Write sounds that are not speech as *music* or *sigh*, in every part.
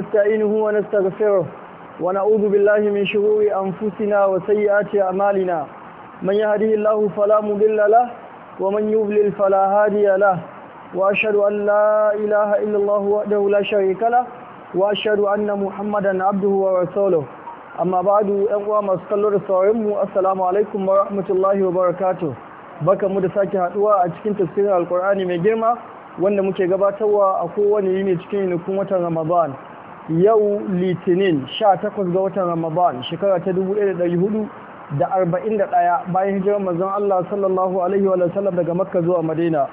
نستعينه ونستغفره ونعوذ بالله من شرور أنفسنا وسيئات أعمالنا من يهده الله فلا مضل له ومن يضلل فلا هادي له وأشهد أن لا إله إلا الله وحده لا شريك له وأشهد أن محمدا عبده ورسوله amma badu yan uwa masu kallo da saurin mu assalamu alaikum wa rahmatullahi wa baka mu da sake haduwa a cikin tafsirin alkur'ani mai girma wanda muke gabatarwa a kowane yini cikin yinikun watan ramadan yau litinin 18 ga watan ramadan shekara ta 1441 bayan hijirar mazan Allah sallallahu alaihi wa sallam daga makka zuwa madina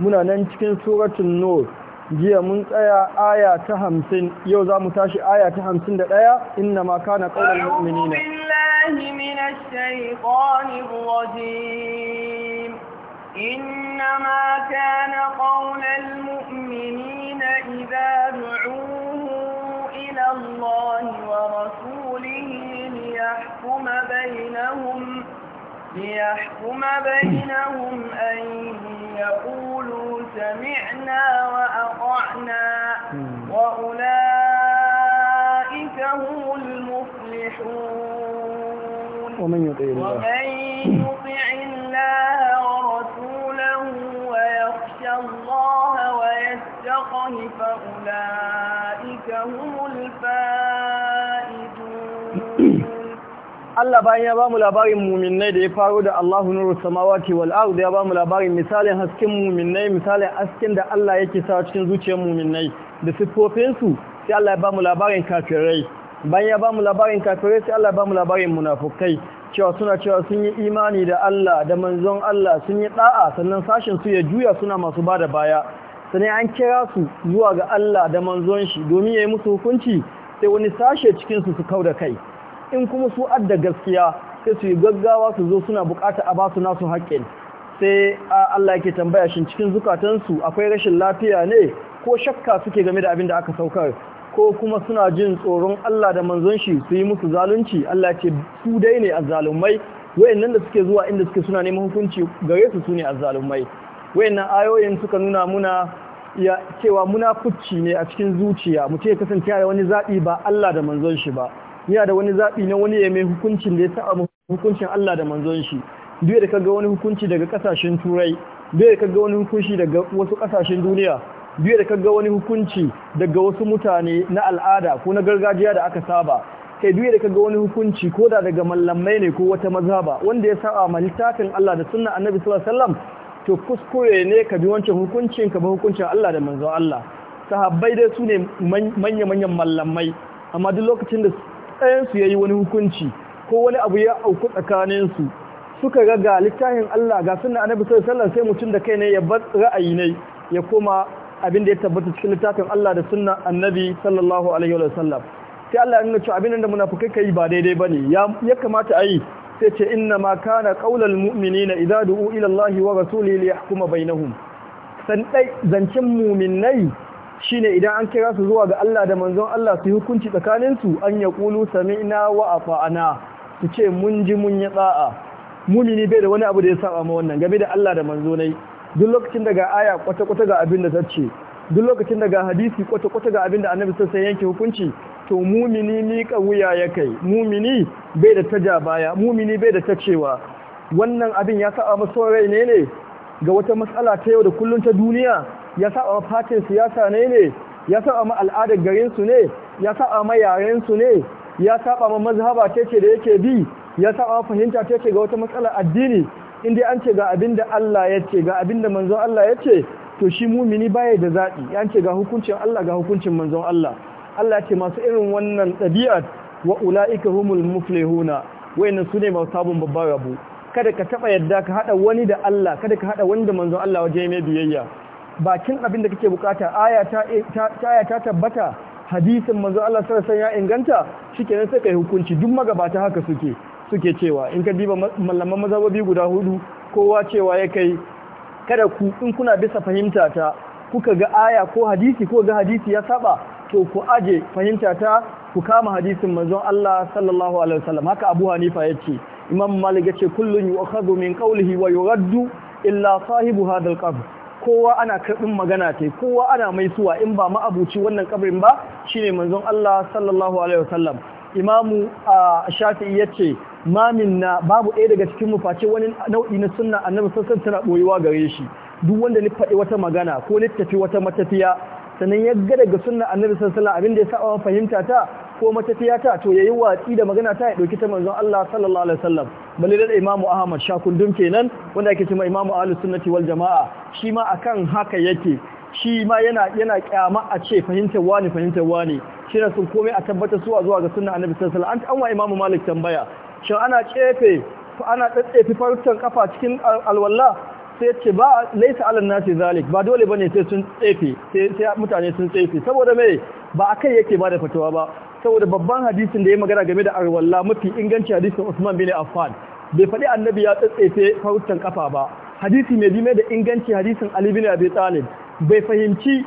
muna nan cikin suratun nur jiya mun tsaya aya ta 50 yau za mu tashi aya ta 51 inna ma kana qaulul mu'minina billahi minash shaitanir rajim inna ma kana الله ورسوله ليحكم بينهم ليحكم بينهم أن يقولوا سمعنا وأطعنا وأولئك هم المفلحون ومن يطع الله ومن يطع الله ورسوله ويخشى الله فأولئك هم *coughs* Allah bayan ya bamu labarin muminai da ya faro da Allahu nuru samawati wal ard ya bamu labarin misalin hasken muminai misalin hasken da Allah yake sa cikin zuciyar muminnai da siffofin su sai Allah ya bamu labarin kafirai bayan ya bamu labarin kafirai sai Allah ya bamu labarin munafukai cewa suna cewa sun yi imani da Allah da manzon Allah sun yi da'a sannan sashin su ya juya suna masu bada baya Sani an kira su zuwa ga Allah da manzon shi domin ya yi musu hukunci sai wani sashe cikin su kau da kai in kuma su adda gaskiya sai su yi gaggawa su zo suna bukata a basu nasu haƙƙin sai Allah yake tambaya shin cikin zukatansu akwai rashin lafiya ne ko shakka suke game da abin da aka saukar ko kuma suna jin tsoron Allah da manzon shi su yi musu zalunci Allah ce su dai ne azzalumai wayannan da suke zuwa inda suke suna neman hukunci gare su su ne azzalumai wayannan ayoyin suka nuna muna ya cewa munafuci ne a cikin zuciya mutum ya kasance da wani zaɓi ba Allah da manzon shi ba yana da wani zaɓi na wani ya mai hukuncin da ya sa'a hukuncin Allah da manzon shi duk da kaga wani hukunci daga kasashen turai duk da kaga wani hukunci daga wasu kasashen duniya duk da kaga wani hukunci daga wasu mutane na al'ada ko na gargajiya da aka saba kai duk da kaga wani hukunci ko da daga mallamai ne ko wata mazhaba wanda ya sa'a ma littafin Allah da sunna Annabi sallallahu alaihi wasallam to kuskure ne ka bi wancan hukuncin ka bi hukuncin Allah da manzo Allah sahabbai dai su ne manya-manyan mallamai amma duk lokacin da ɗayan ya yi wani hukunci ko wani abu ya auku tsakaninsu suka ga ga littafin Allah ga sunna annabi sallallahu alaihi sai mutum da kai ne ya bar ra'ayi ne ya koma abin da ya tabbata cikin littafin Allah da sunna annabi sallallahu alaihi wasallam sai Allah ya nuna cewa abin da munafikai kai ba daidai bane ya kamata a sai ce inna ma kana kaular mumini na du'u ilallahi wa rasuli li yahkuma bainahum san dai zancin mu'minai shine idan an kira su zuwa ga Allah da manzon Allah su hukunci tsakanin su an yaqulu sami'na wa ata'na su ce mun ji mun yi tsa'a mu'mini bai da wani abu da ya saba ma wannan game da Allah da manzonai. Dun lokacin daga aya kwata-kwata ga abin da ta Dun lokacin daga hadisi kwata-kwata ga abin da annabi sai yanke hukunci to mumini miƙa wuya ya kai mumini bai da ta ja mumini bai da ta cewa wannan abin ya saba maso rai ne ne ga wata matsala ta yau da kullum ta duniya ya saba fatin siyasa ne ne ya saba ma al'adar garinsu su ne ya saba ma yaren su ne ya saba ma mazhaba ta ce da yake bi ya saba fahimta ta ce ga wata matsala addini in dai an ce ga abin da Allah ya ce ga abin da manzon Allah ya ce to shi mumini baya da zaɓi Ya ce ga hukuncin Allah ga hukuncin manzon Allah Allah ce masu irin wannan ɗabi'a wa ula'ika humul muflihuna wayannan sune ba sabon babba rabu. kada ka taba yadda ka haɗa wani da Allah kada ka haɗa wani da manzon Allah waje mai biyayya bakin abin da kake bukata aya ta ta tabbata hadisin manzon Allah sallallahu alaihi wasallam ya inganta shikenan sai kai hukunci duk magabata haka suke suke cewa in ka diba mallaman mazhabobi guda hudu kowa cewa ya kai kada ku in kuna bisa fahimta ta kuka ga aya ko hadisi ko ga hadisi ya saba to ku aje fahimta ta ku kama hadisin manzon Allah sallallahu alaihi wasallam haka Abu Hanifa yace Imam Malik yace kullun yu'khadhu min qawlihi wa yuraddu illa sahibu hadha qabr kowa ana karbin magana tai kowa ana mai suwa in ba ma'abuci wannan kabrin ba shine manzon Allah sallallahu alaihi wasallam Imam Shafi'i yace ma minna babu ɗaya daga cikin mu face wani nau'i na sunna annabi sallallahu alaihi wasallam tana boyewa gare shi duk wanda ni faɗi wata magana ko tafi wata matafiya sannan ya ga daga sunna annabi sallallahu abinda da ya saba fahimta ta ko matafiya ta to yayi watsi da magana ta ya dauki ta manzon Allah sallallahu alaihi wasallam balle da Imam Ahmad Shakundum kenan wanda ake cewa Imam Ahlus Sunnati wal Jamaa shi ma akan haka yake shi ma yana yana kyama a ce fahimtar wani fahimtar wani shi na sun komai a tabbatar suwa zuwa ga sunna annabi sallallahu alaihi wasallam an wa Imam Malik tambaya shin ana tsefe ana tsatsefi farcen kafa cikin alwala sai ce ba laisa alal nasi zalik ba dole bane sai sun tsefe sai mutane sun tsefe saboda me ba akai yake ba da fatuwa ba saboda babban hadisin da ya magana game da arwalla mafi inganci hadisin Usman bin Affan bai faɗi annabi ya tsefe farutan kafa ba hadisi mai bime da inganci hadisin Ali bin Abi Talib bai fahimci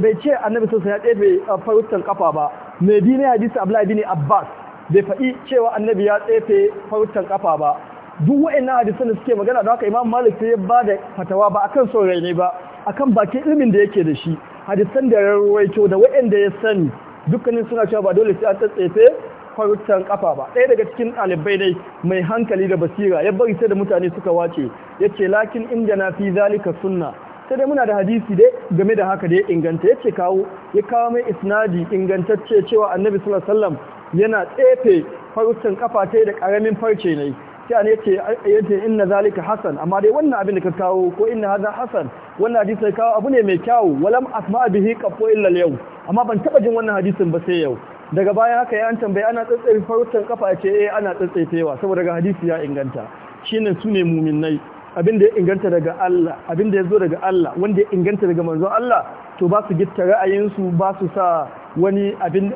bai ce annabi sosai ya tsefe uh, farutan kafa ba mai bime hadisi Abdullahi bin Abbas bai faɗi cewa annabi ya tsefe farutan kafa ba duk wa'annan hadisan da suke magana da haka imam malik sai ya ba da fatawa ba akan kan saurari ne ba akan bakin ilimin da yake da shi hadisan da rarwaito da wa'anda ya sani dukkanin suna cewa ba dole sai an tsatsefe farutan kafa ba ɗaya daga cikin ɗalibai dai mai hankali da basira ya bari sai da mutane suka wace ya ce lakin inda na fi zalika sunna sai dai muna da hadisi dai game da haka da ya inganta ya ce kawo ya kawo mai isnadi ingantacce cewa annabi sallallahu alaihi wasallam yana tsefe farutan kafa ta da karamin farce ne sai an yace yace inna zalika hasan amma dai wannan abin da ka kawo ko inna hadha hasan wannan hadisi kawo abu ne mai kyau walam asma bihi kafo illa al yau amma ban taba jin wannan hadisin ba sai yau daga baya haka ya an tambaye ana tsatsaye farutan kafa ce eh ana tewa saboda ga hadisi ya inganta shine sune muminai abin da ya inganta daga Allah abin da ya zo daga Allah wanda ya inganta daga manzon Allah to ba su gitta su ba su sa wani abin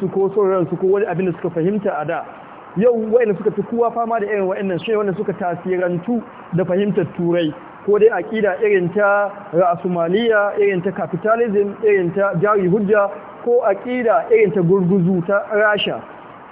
su ko son ransu ko wani abin da suka fahimta a da yau wa'anda suka fi kuwa fama da irin wa'annan shi wanda suka tasirantu da fahimtar turai ko dai aƙida irin ta ra'asumaliya irin ta capitalism irin ta jari hujja ko aƙida irin ta gurguzu ta rasha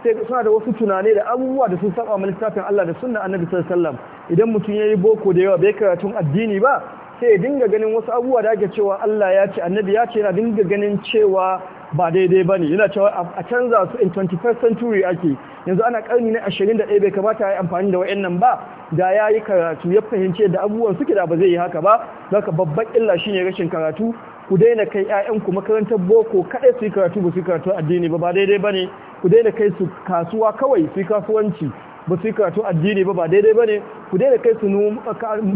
sai suna da wasu tunane da abubuwa da sun saba mana littafin Allah da sunna annabi sallallahu alaihi idan mutum ya yi boko da yawa bai karatun addini ba sai ya dinga ganin wasu abubuwa da ake cewa Allah ya ce annabi ya ce yana dinga ganin cewa ba daidai ba ne yana cewa a canza su in 21st century ake yanzu ana karni na 21 bai kamata ya yi amfani da wayannan ba da ya yi karatu ya fahimci da abubuwan suke da ba zai yi haka ba zaka babban illa shi ne rashin karatu ku daina kai 'ya'yanku makarantar boko kaɗai su yi karatu ba su yi karatu addini ba ba daidai ba ne ku daina kai su kasuwa kawai su yi kasuwanci ba su yi karatu addini ba ba daidai ba ne ku daina kai su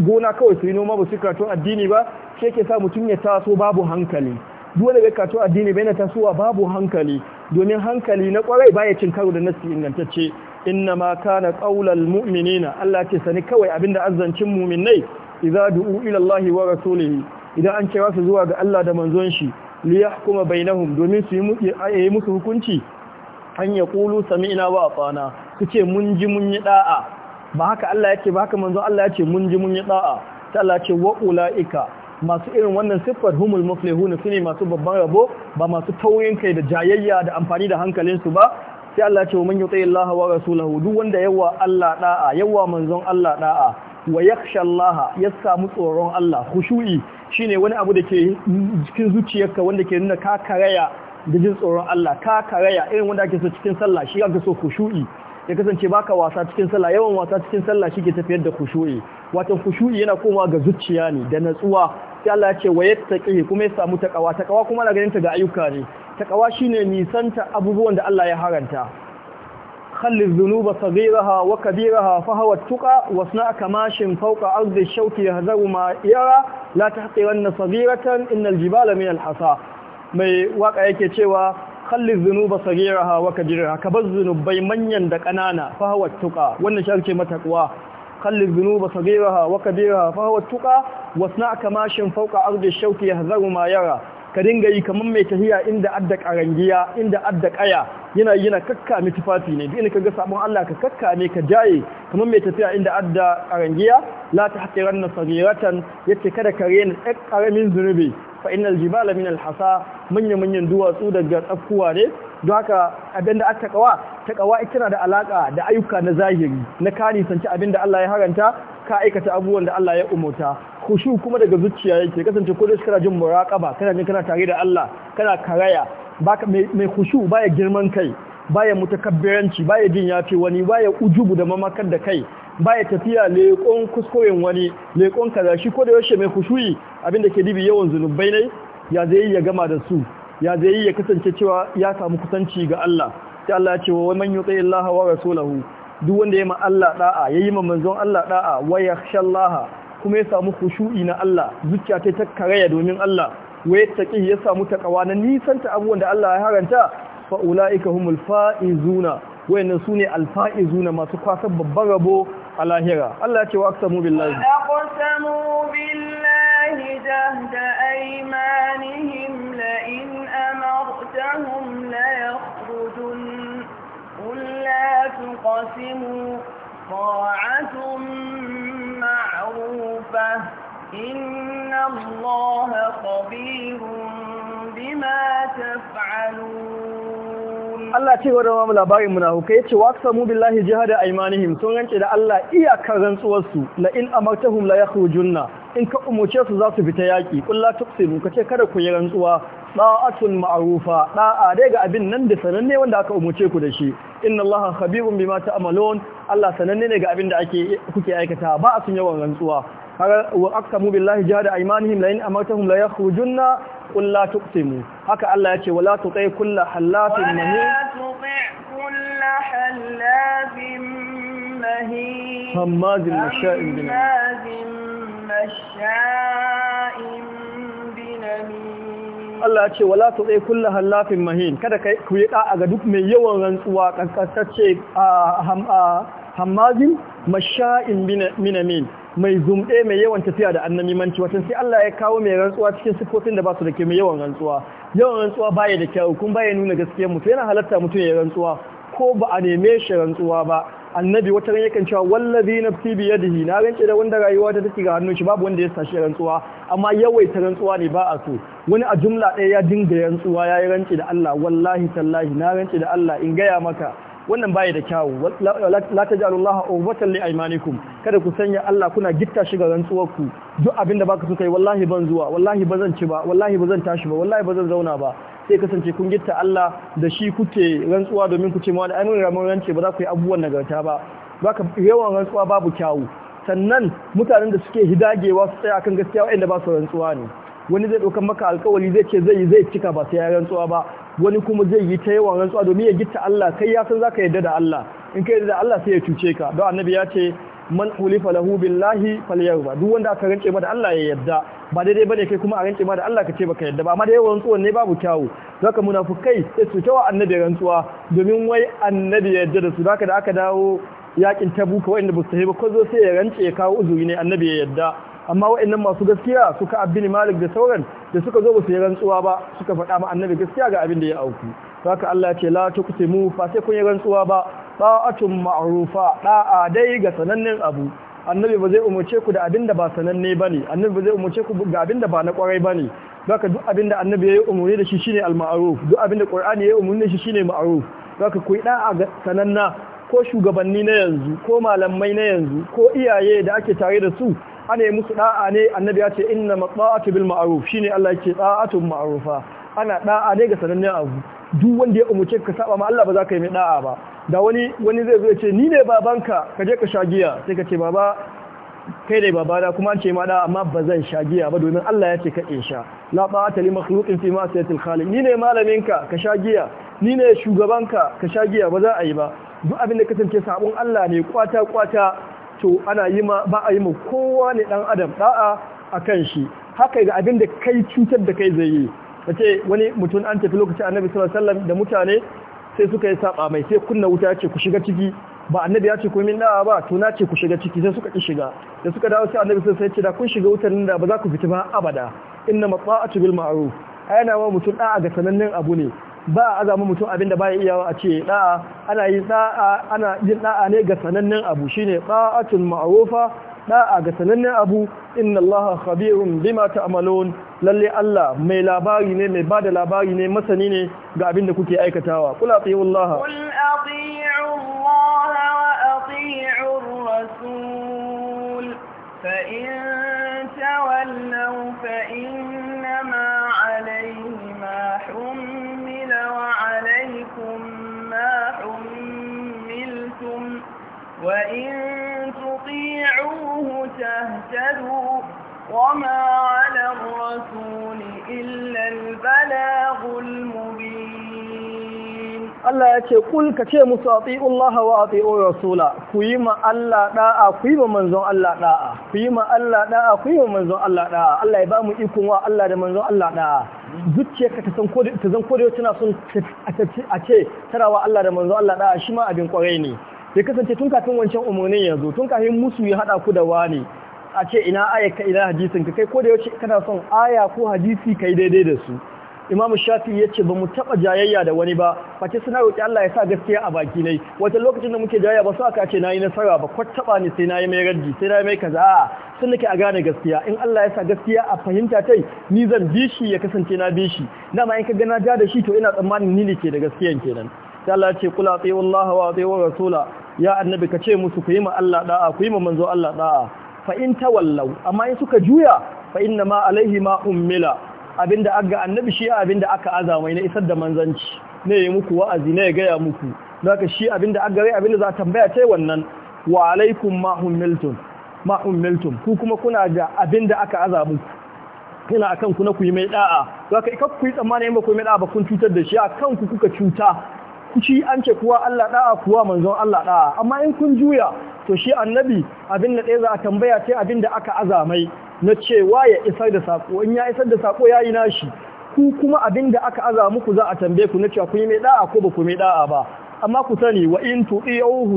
gona kawai su yi noma ba su yi karatu addini ba shi ke sa mutum ya taso babu hankali dole wanda bai kato addini bai na tasowa babu hankali domin hankali na kwarai baya cin karo da nasi ingantacce inna ma kana qaulal mu'minina Allah ce sani kawai abinda azzancin mu'minnai idza du'u ila Allah wa rasulihi idan an kira su zuwa ga Allah da manzon shi li yahkuma bainahum domin su yi musu hukunci an ya qulu sami'na wa atana su ce mun ji mun yi da'a ba haka Allah yake ba haka manzon Allah ce mun ji mun yi da'a ta Allah ce wa ulaika masu irin wannan siffar humul muflihun sune masu babban rabo ba masu taurin kai da jayayya da amfani da su ba sai Allah ya ce wa man yuti Allah wa rasulahu duk wanda yawa Allah da'a yawa manzon Allah da'a wa yakhsha Allah ya samu tsoron Allah khushu'i shine wani abu da ke cikin zuciyarka wanda ke nuna ka karaya da jin tsoron Allah ka karaya irin wanda ake so cikin sallah shi ake so khushu'i ya kasance baka wasa cikin sallah yawan wasa cikin sallah shi ke tafiyar da khushu'i wato khushu'i yana komawa ga zuciya ne da natsuwa sai Allah ya ce wa yattaqi kuma ya samu takawa takawa kuma ana ganin ta ga ayyuka ne takawa shine nisanta abubuwan da Allah ya haranta khalli dhunuba saghiraha wa kabiraha fa huwa tuqa wasna kamashin fawqa ardi ash-shawki yahzaru ma yara la tahqiranna saghiratan innal jibala min al mai waka yake cewa khalli dhunuba saghiraha wa kabiraha kabar zunubai manyan da kanana fa huwa tuqa wannan shi ake mata kuwa. خل الذنوب صغيرها وكبيرها فهو التقى واصنع كماشٍ فوق أرض الشوك يهذر ما يرى ka dinga yi kamar mai tahiya inda adda karangiya inda adda qaya yana yana kakka mai tufafi ne duk inda kaga sabon Allah ka kakka ne ka jaye kaman mai tafiya inda adda karangiya la tahqiranna saghiratan yace kada ka rena ɗan karamin zunubi fa innal jibala min hasa manyan manyan duwatsu daga tsakkuwa ne don haka abin da aka kawa ta kawa ita na da alaka da ayyuka na zahiri na kani sanci abin da Allah ya haranta ka aikata abubuwan da Allah ya umurta khushu kuma daga zuciya yake kasance ko da kana jin muraqaba kana jin kana tare da Allah kana karaya baka mai khushu baya girman kai baya mutakabbiranci baya jin yafi wani baya ujubu da mamakar da kai baya tafiya leƙon kuskuren wani leƙon kaza shi ko da yaushe mai khushuyi abin da ke dibi yawan zunubai ne ya zai ya gama da su ya zai ya kasance cewa ya samu kusanci ga Allah sai Allah ya ce wa man yuti Allah wa rasulahu duk wanda yayi ma Allah da'a yayi ma manzon Allah da'a wa yakhshallaha kuma ya samu khushu'i na Allah zuciya ta ta karaya domin Allah wa yattaqi ya samu takawa na nisan ta abuwan da Allah ya haranta fa ulaika humul faizuna wayannan sune alfaizuna masu kwasan babban rabo a lahira Allah ya ce wa aqsamu billahi aqsamu billahi jahda aymanihim la in أخرجتهم ليخرجن قل لا تقسموا طاعة معروفة إن الله خبير بما تفعلون Allah ce wadda mamu labarin munafukai yace wa aqsamu billahi jihada aymanihim sun rance da Allah iyakar rantsuwar su la in amartahum la yakhujunna in ka umurce su za fita yaki ƙulla la tuqsimu kace kada ku yi rantsuwa da'atul ma'arufa ɗaa dai ga abin nan da sananne wanda aka umarce ku da shi inna allaha khabirun bima ta'malun Allah sananne ne ga abin da ake kuke aikata ba a sun yawan rantsuwa har wa aqsamu billahi jahada aymanihim la in amartahum la yakhrujunna qul la tuqsimu haka Allah yace wala tuqi kullu halatin mahin hammazin masha'in bin masha'in Allah ya ce wala tu'i kullu hallafin mahin kada kai ku yi da'a ga duk mai yawan rantsuwa kankantacce a hammazin masha'in minamin mai zumɗe mai yawan tafiya da annamimanci wato sai Allah ya kawo mai rantsuwa cikin sifofin da ba su da ke mai yawan rantsuwa yawan rantsuwa baya da kyau kun ya nuna gaskiyar mutum yana halatta mutum ya rantsuwa ko ba a neme shi rantsuwa ba annabi wata ran yakan cewa wallazi nafsi bi yadihi na rance da wanda rayuwa ta take ga hannun shi babu wanda ya sashi rantsuwa amma yawai ta rantsuwa ne ba a so wani a jumla ɗaya ya dinga rantsuwa ya yi rance da Allah wallahi tallahi na rance da Allah in gaya maka wannan bayi da kyawu la tajalu Allah uwatan li aymanikum kada ku sanya Allah kuna gitta shi ga rantsuwar ku duk abinda baka so kai wallahi ban zuwa wallahi bazan ci ba wallahi bazan tashi ba wallahi bazan zauna ba sai kasance kun gitta Allah da shi kuke rantsuwa domin ku ce ma da ainihin ramon rance ba za ku yi abubuwan nagarta ba ka yawan rantsuwa babu kyawu sannan mutanen da suke hidagewa su tsaya akan gaskiya waɗanda ba su rantsuwa ne wani zai ɗaukar maka alkawari zai ce zai yi zai cika ba sai ya rantsuwa ba wani kuma zai yi ta yawan rantsuwa domin ya gitta Allah kai ya san za ka yarda da Allah in ka yarda da Allah sai ya cuce ka don annabi ya ce man ulifa lahu billahi falyarba duk wanda aka rance ba da Allah ya yadda ba daidai bane kai kuma a rance ba da Allah ka ce baka yadda ba amma da yawan tsuwan ne babu kyawu zaka munafukai sai su tawa annabi rantsuwa domin wai annabi ya yadda da su zaka da aka dawo yakin tabuka wanda ba sai ba ko zo sai ya rance ya kawo uzuri ne annabi ya yadda amma wa'annan masu gaskiya suka abin malik da sauran da suka zo ba su yi rantsuwa ba suka faɗa ma annabi gaskiya ga abin da ya auku haka Allah ya ce la tuqsimu fa sai kun yi rantsuwa ba ɗa'atun maarufa. Ɗa'a dai ga sanannen abu annabi ba zai umarce ku da abin da ba sananne ba ne annabi ba zai umarce ku ga abin da ba na kwarai ba ne ka duk abin da annabi ya yi umarni da shi shine al-ma'ruf duk abin da qur'ani ya yi umarni da shi shine ma'ruf ka ku ɗa'a ga sananna ko shugabanni na yanzu ko malamai na yanzu ko iyaye da ake tare da su ana yi musu ɗa'a ne annabi ya ce inna mata'atu bil ma'ruf shine Allah ya ce maarufa. ma'rufa ana da'a ne ga sanannen abu duk wanda ya umuce ka saba ma Allah ba za ka yi mai da'a ba da wani wani zai zo ya ce ni ne babanka ka je ka sha sai ka ce baba kai ne babana kuma an ce ma da amma ba zan sha giya ba domin Allah ya ce ka in sha la ta'ata li makhluqin fi ma'siyatil khaliq ni ne malaminka ka sha giya ni ne shugabanka ka sha giya ba za a yi ba duk abin da kasance sabon Allah ne kwata kwata to ana yi ma ba a yi ma kowa ne dan adam da'a akan shi haka ga abin da kai cutar da kai zai yi ce wani mutum an tafi lokacin annabi sallallahu alaihi wasallam da mutane sai suka yi saba mai sai kunna wuta ya ce ku shiga ciki ba annabi ya ce ku min da'a ba to na ce ku shiga ciki sai suka ki shiga da suka dawo sai annabi wasallam ya ce da kun shiga wutar nan da ba za ku fita ba abada inna mata'atu bil ma'ruf ayana wa mutum da'a ga sanannen abu ne ba a azama mutum abinda da baya iya a ce da'a ana yin da'a ana yin da'a ne ga sanannen abu shine ta'atul ma'rufa da'a ga sanannen abu inna allaha khabirun bima ta'malun lalle Allah mai labari ne mai bada labari ne masani ne ga abin da kuke aikatawa qul ati'u Allah qul ati'u Allah wa ati'u rasul fa in tawallaw fa innama alayhi ma humila wa alaykum ma humiltum wa in tuti'u تهتدوا وما على الرسول إلا البلاغ المبين الله يتي قل كتي مساطيء الله وعطيء رسولا كيما الله داعا كيما منزون الله داعا كيما الله داعا من زون الله داء الله يبامو إيكم الله من زون الله داء zuciyarka ta san kodai ta zan kodai tana son a ce tarawa Allah da manzo Allah da shi ma abin kwarai ne ya kasance tun kafin wancan umarnin ya zo tun kafin musu ya hada ku da wani a ce ina ayaka ina hadisin ka kai ko da yaushe kana son aya ko hadisi kai daidai da su imamu shafi ya ce ba mu taba jayayya da wani ba face suna roƙi Allah ya sa gaskiya a baki nai wata lokacin da muke jayayya ba su aka ce na yi nasara ba kwat taba ne sai na yi mai raddi sai na yi mai kaza a sun nake a gane gaskiya in Allah ya sa gaskiya a fahimta tai ni zan bi shi ya kasance na bi shi dama in ka na ja da shi to ina tsammanin ni ne ke da gaskiyan kenan sai Allah ya ce kula atiyu Allah wa atiyu rasula ya annabi ka ce musu ku yi ma Allah da'a ku yi ma manzo Allah da'a fa in tawallaw amma in suka juya fa inna ma alaihi ma ummila abinda aka annabi shi abinda aka azama na isar da manzanci ne yi muku wa'azi ne ya gaya muku zaka shi abinda aga rai abinda za tambaya ce wannan wa alaikum ma ummiltum ma ummiltum ku kuma kuna da abinda aka aza muku kina akan ku na ku yi mai da'a zaka ikak ku yi tsammani in ba ku yi mai da'a ba kun cutar da shi akan ku kuka cuta kuci an ce kuwa Allah da'a kuwa manzon Allah da'a amma in kun juya to shi annabi abin da ɗaya za a tambaya ce abin da aka azamai na cewa ya isar da sako in ya isar da sako yi nashi ku kuma abin da aka aza muku za a tambaye ku na cewa ku yi mai da'a ko ba ku mai da'a ba amma ku sani wa in ta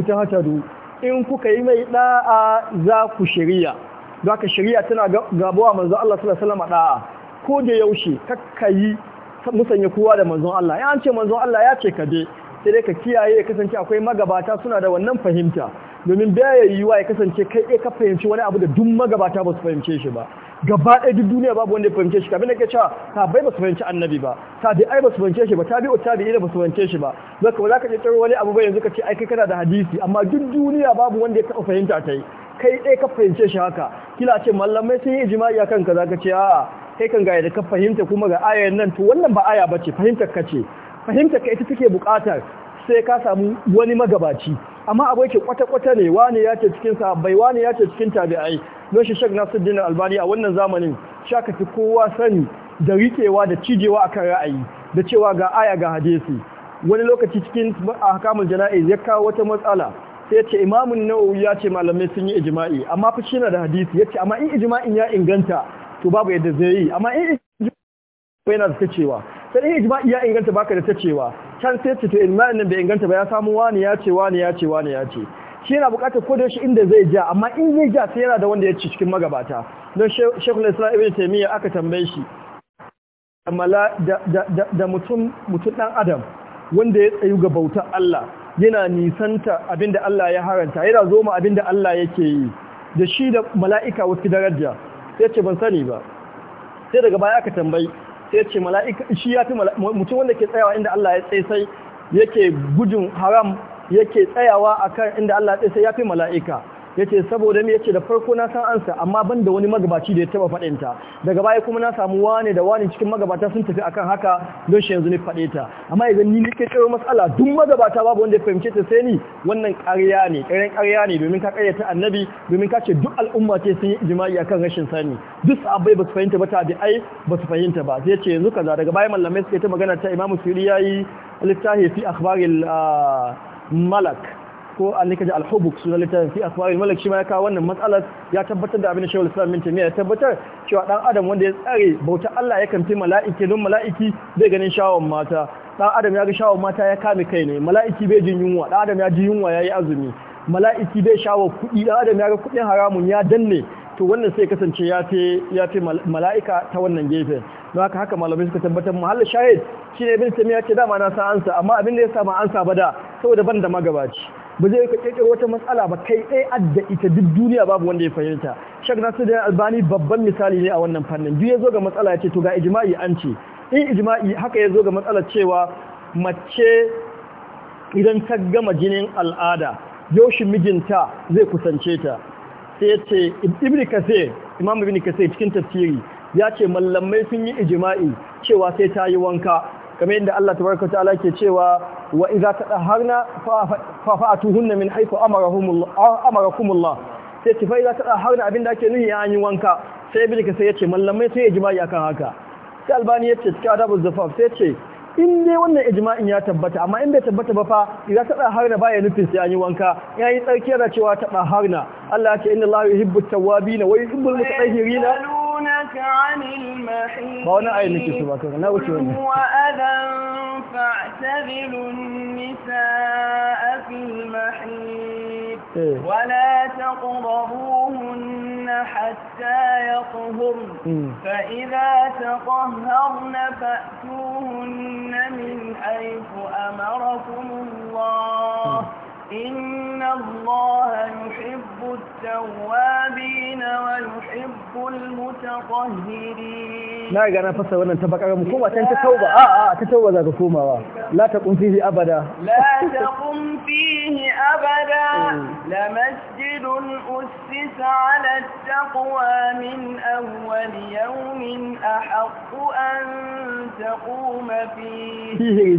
tahtadu in kuka yi mai da'a za ku shari'a za ka shari'a tana gabawa manzon Allah sallallahu alaihi da'a ko da yaushe kakkayi musanya kowa da manzon Allah ya ce manzon Allah ya ce ka je sai dai ka kiyaye ya kasance akwai magabata suna da wannan fahimta domin baya wa ya kasance kai ɗaya ka fahimci wani abu da duk magabata ba su fahimce shi ba gaba ɗaya duk duniya babu wanda ya fahimce shi kamar da ke cewa bai ba su fahimci annabi ba ta ai ba su fahimce shi ba ta bi bi tabi'i ba su fahimce shi ba zaka ba zaka je wani abu ba yanzu ka ce ai kai kana da hadisi amma duk duniya babu wanda ya taɓa fahimta ta yi kai ɗaya ka fahimce shi haka kila ce mallamai sun yi ijima'i akan za ka ce a kai kan ga da ka fahimta kuma ga ayar nan to wannan ba aya ce fahimtar ka ce fahimta ka ita take buƙatar sai ka samu wani magabaci amma abu yake kwata-kwata ne wani ya ce cikin Bai wani ya ce cikin tabi'ai don shi shek nasiruddin albani a wannan zamanin shaka fi kowa sani da rikewa da cijewa a kan ra'ayi da cewa ga aya ga hadisi wani lokaci cikin ahkamul jana'iz ya kawo wata matsala sai ce imamun nawawi ya ce malamai sun yi ijma'i amma fa shi na da hadisi yace amma in ijma'in ya inganta to babu yadda zai yi amma in yana da cewa sai dai ijma ya inganta baka da ta cewa can sai ce to ijma'in nan bai inganta ba ya samu wani ya ce wani ya ce wani ya ce shi yana buƙatar ko da shi inda zai ja amma in zai ja sai yana da wanda ya ci cikin magabata don shekul islam ibn taimiyya aka tambaye shi da mutum mutum dan adam wanda ya tsayu ga bautar Allah yana nisanta abinda Allah ya haranta yana zo ma abinda Allah yake yi da shi da mala'ika wasu daraja sai ce ban sani ba sai daga baya aka tambayi sai ce mala'ika shi ya fi mutum wanda ke tsayawa inda Allah ya tsaye sai yake gujin haram yake tsayawa akan inda Allah ya tsaye sai ya fi mala'ika yace saboda me yace da farko na san ansa amma ban da wani magabaci da ya taba faɗinta. daga baya kuma na samu wane da wani cikin magabata sun tafi akan haka don shi yanzu ne faɗe ta amma idan ni nake tsaro matsala duk magabata babu wanda ya fahimce ta sai ni wannan ƙarya ne ƙaryan ƙarya ne domin ka ƙaryata annabi domin ka ce duk al'umma ce sun yi ijma'i akan rashin sani duk abai ba su fahimta ba ta bi ai ba su fahimta ba sai ce yanzu kaza daga baya malamai suke ta magana ta Imam suriyayi yayi littafi fi akhbaril ah, malak ko alikaji alhubuk sunan littafin fi asma'il malik shi ma ya kawo wannan matsalar ya tabbatar da abin da shawar islam mintin ya tabbatar cewa dan adam wanda ya tsare bauta Allah ya kamfi mala'iki don mala'iki zai ganin shawar mata dan adam ya ga shawar mata ya kame kai ne mala'iki bai jin yunwa dan adam ya ji yunwa ya yi azumi mala'iki bai shawo kuɗi dan adam ya ga kuɗin haramun ya danne to wannan sai kasance ya fi mala'ika ta wannan gefen don haka haka malamai suka tabbatar mahalla shahid ne bin tamiya ce dama na sa ansa amma abin da ya sa ba ansa ba da saboda ban da magabaci ba zai ka kirkiro wata matsala ba kai tsaye adda ita duk duniya babu wanda ya fahimta shak shek nasiruddin albani babban misali ne a wannan fannin duk ya zo ga matsala ya ce to ga ijma'i an ce in ijma'i haka ya zo ga matsala cewa mace idan ta gama jinin al'ada yaushe mijinta zai kusance ta sai ya ce ibn kasir imam ibn cikin tafsiri ya ce mallamai sun yi ijma'i cewa sai ta yi wanka kamar yadda Allah tabaraka ta'ala ke cewa wa idza tadahharna fa fa'atuhunna min haythu amarahumullah amarakumullah sai ki fa idza tadahharna abinda ake nuni ya yi wanka sai bi ka sai yace mallamai sai ijma'i akan haka sai albani yace cikin adabul zafaf sai yace in dai wannan ijma'in ya tabbata amma in bai tabbata ba fa idza tadahharna baya nufi sai an wanka yayi tsarki yana cewa tadahharna Allah ya ce inna Allah yuhibbu at-tawwabin wa yuhibbu al na. عن المحيط وأذى فاعتذلوا النساء في المحيط إيه. ولا تقربوهن حتى يطهرن فإذا تطهرن فأتوهن من حيث أمركم الله إن الله يحب التوابين ويحب المتطهرين na riga na fasa wannan ta bakar mu koma ta tauba a ta tauba ka komawa la taqum abada la taqum fihi abada *laughs* la masjidun ussisa ala taqwa min awwal yawmin ahqqu an taquma fihi fihi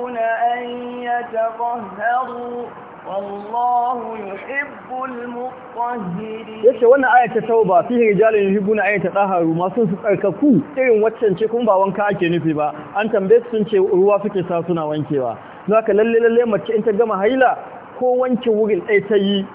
يحبون أن يتطهروا والله يحب المطهرين yace wannan aya ta tauba fihi rijalun yuhibbuna an yatahharu masu su tsarkaku irin waccan ce kun ba wanka ake nufi ba an tambaye sun ce ruwa suke sa suna wankewa zaka lalle lalle mace in ta gama haila ko wanke wurin ɗaya ta yi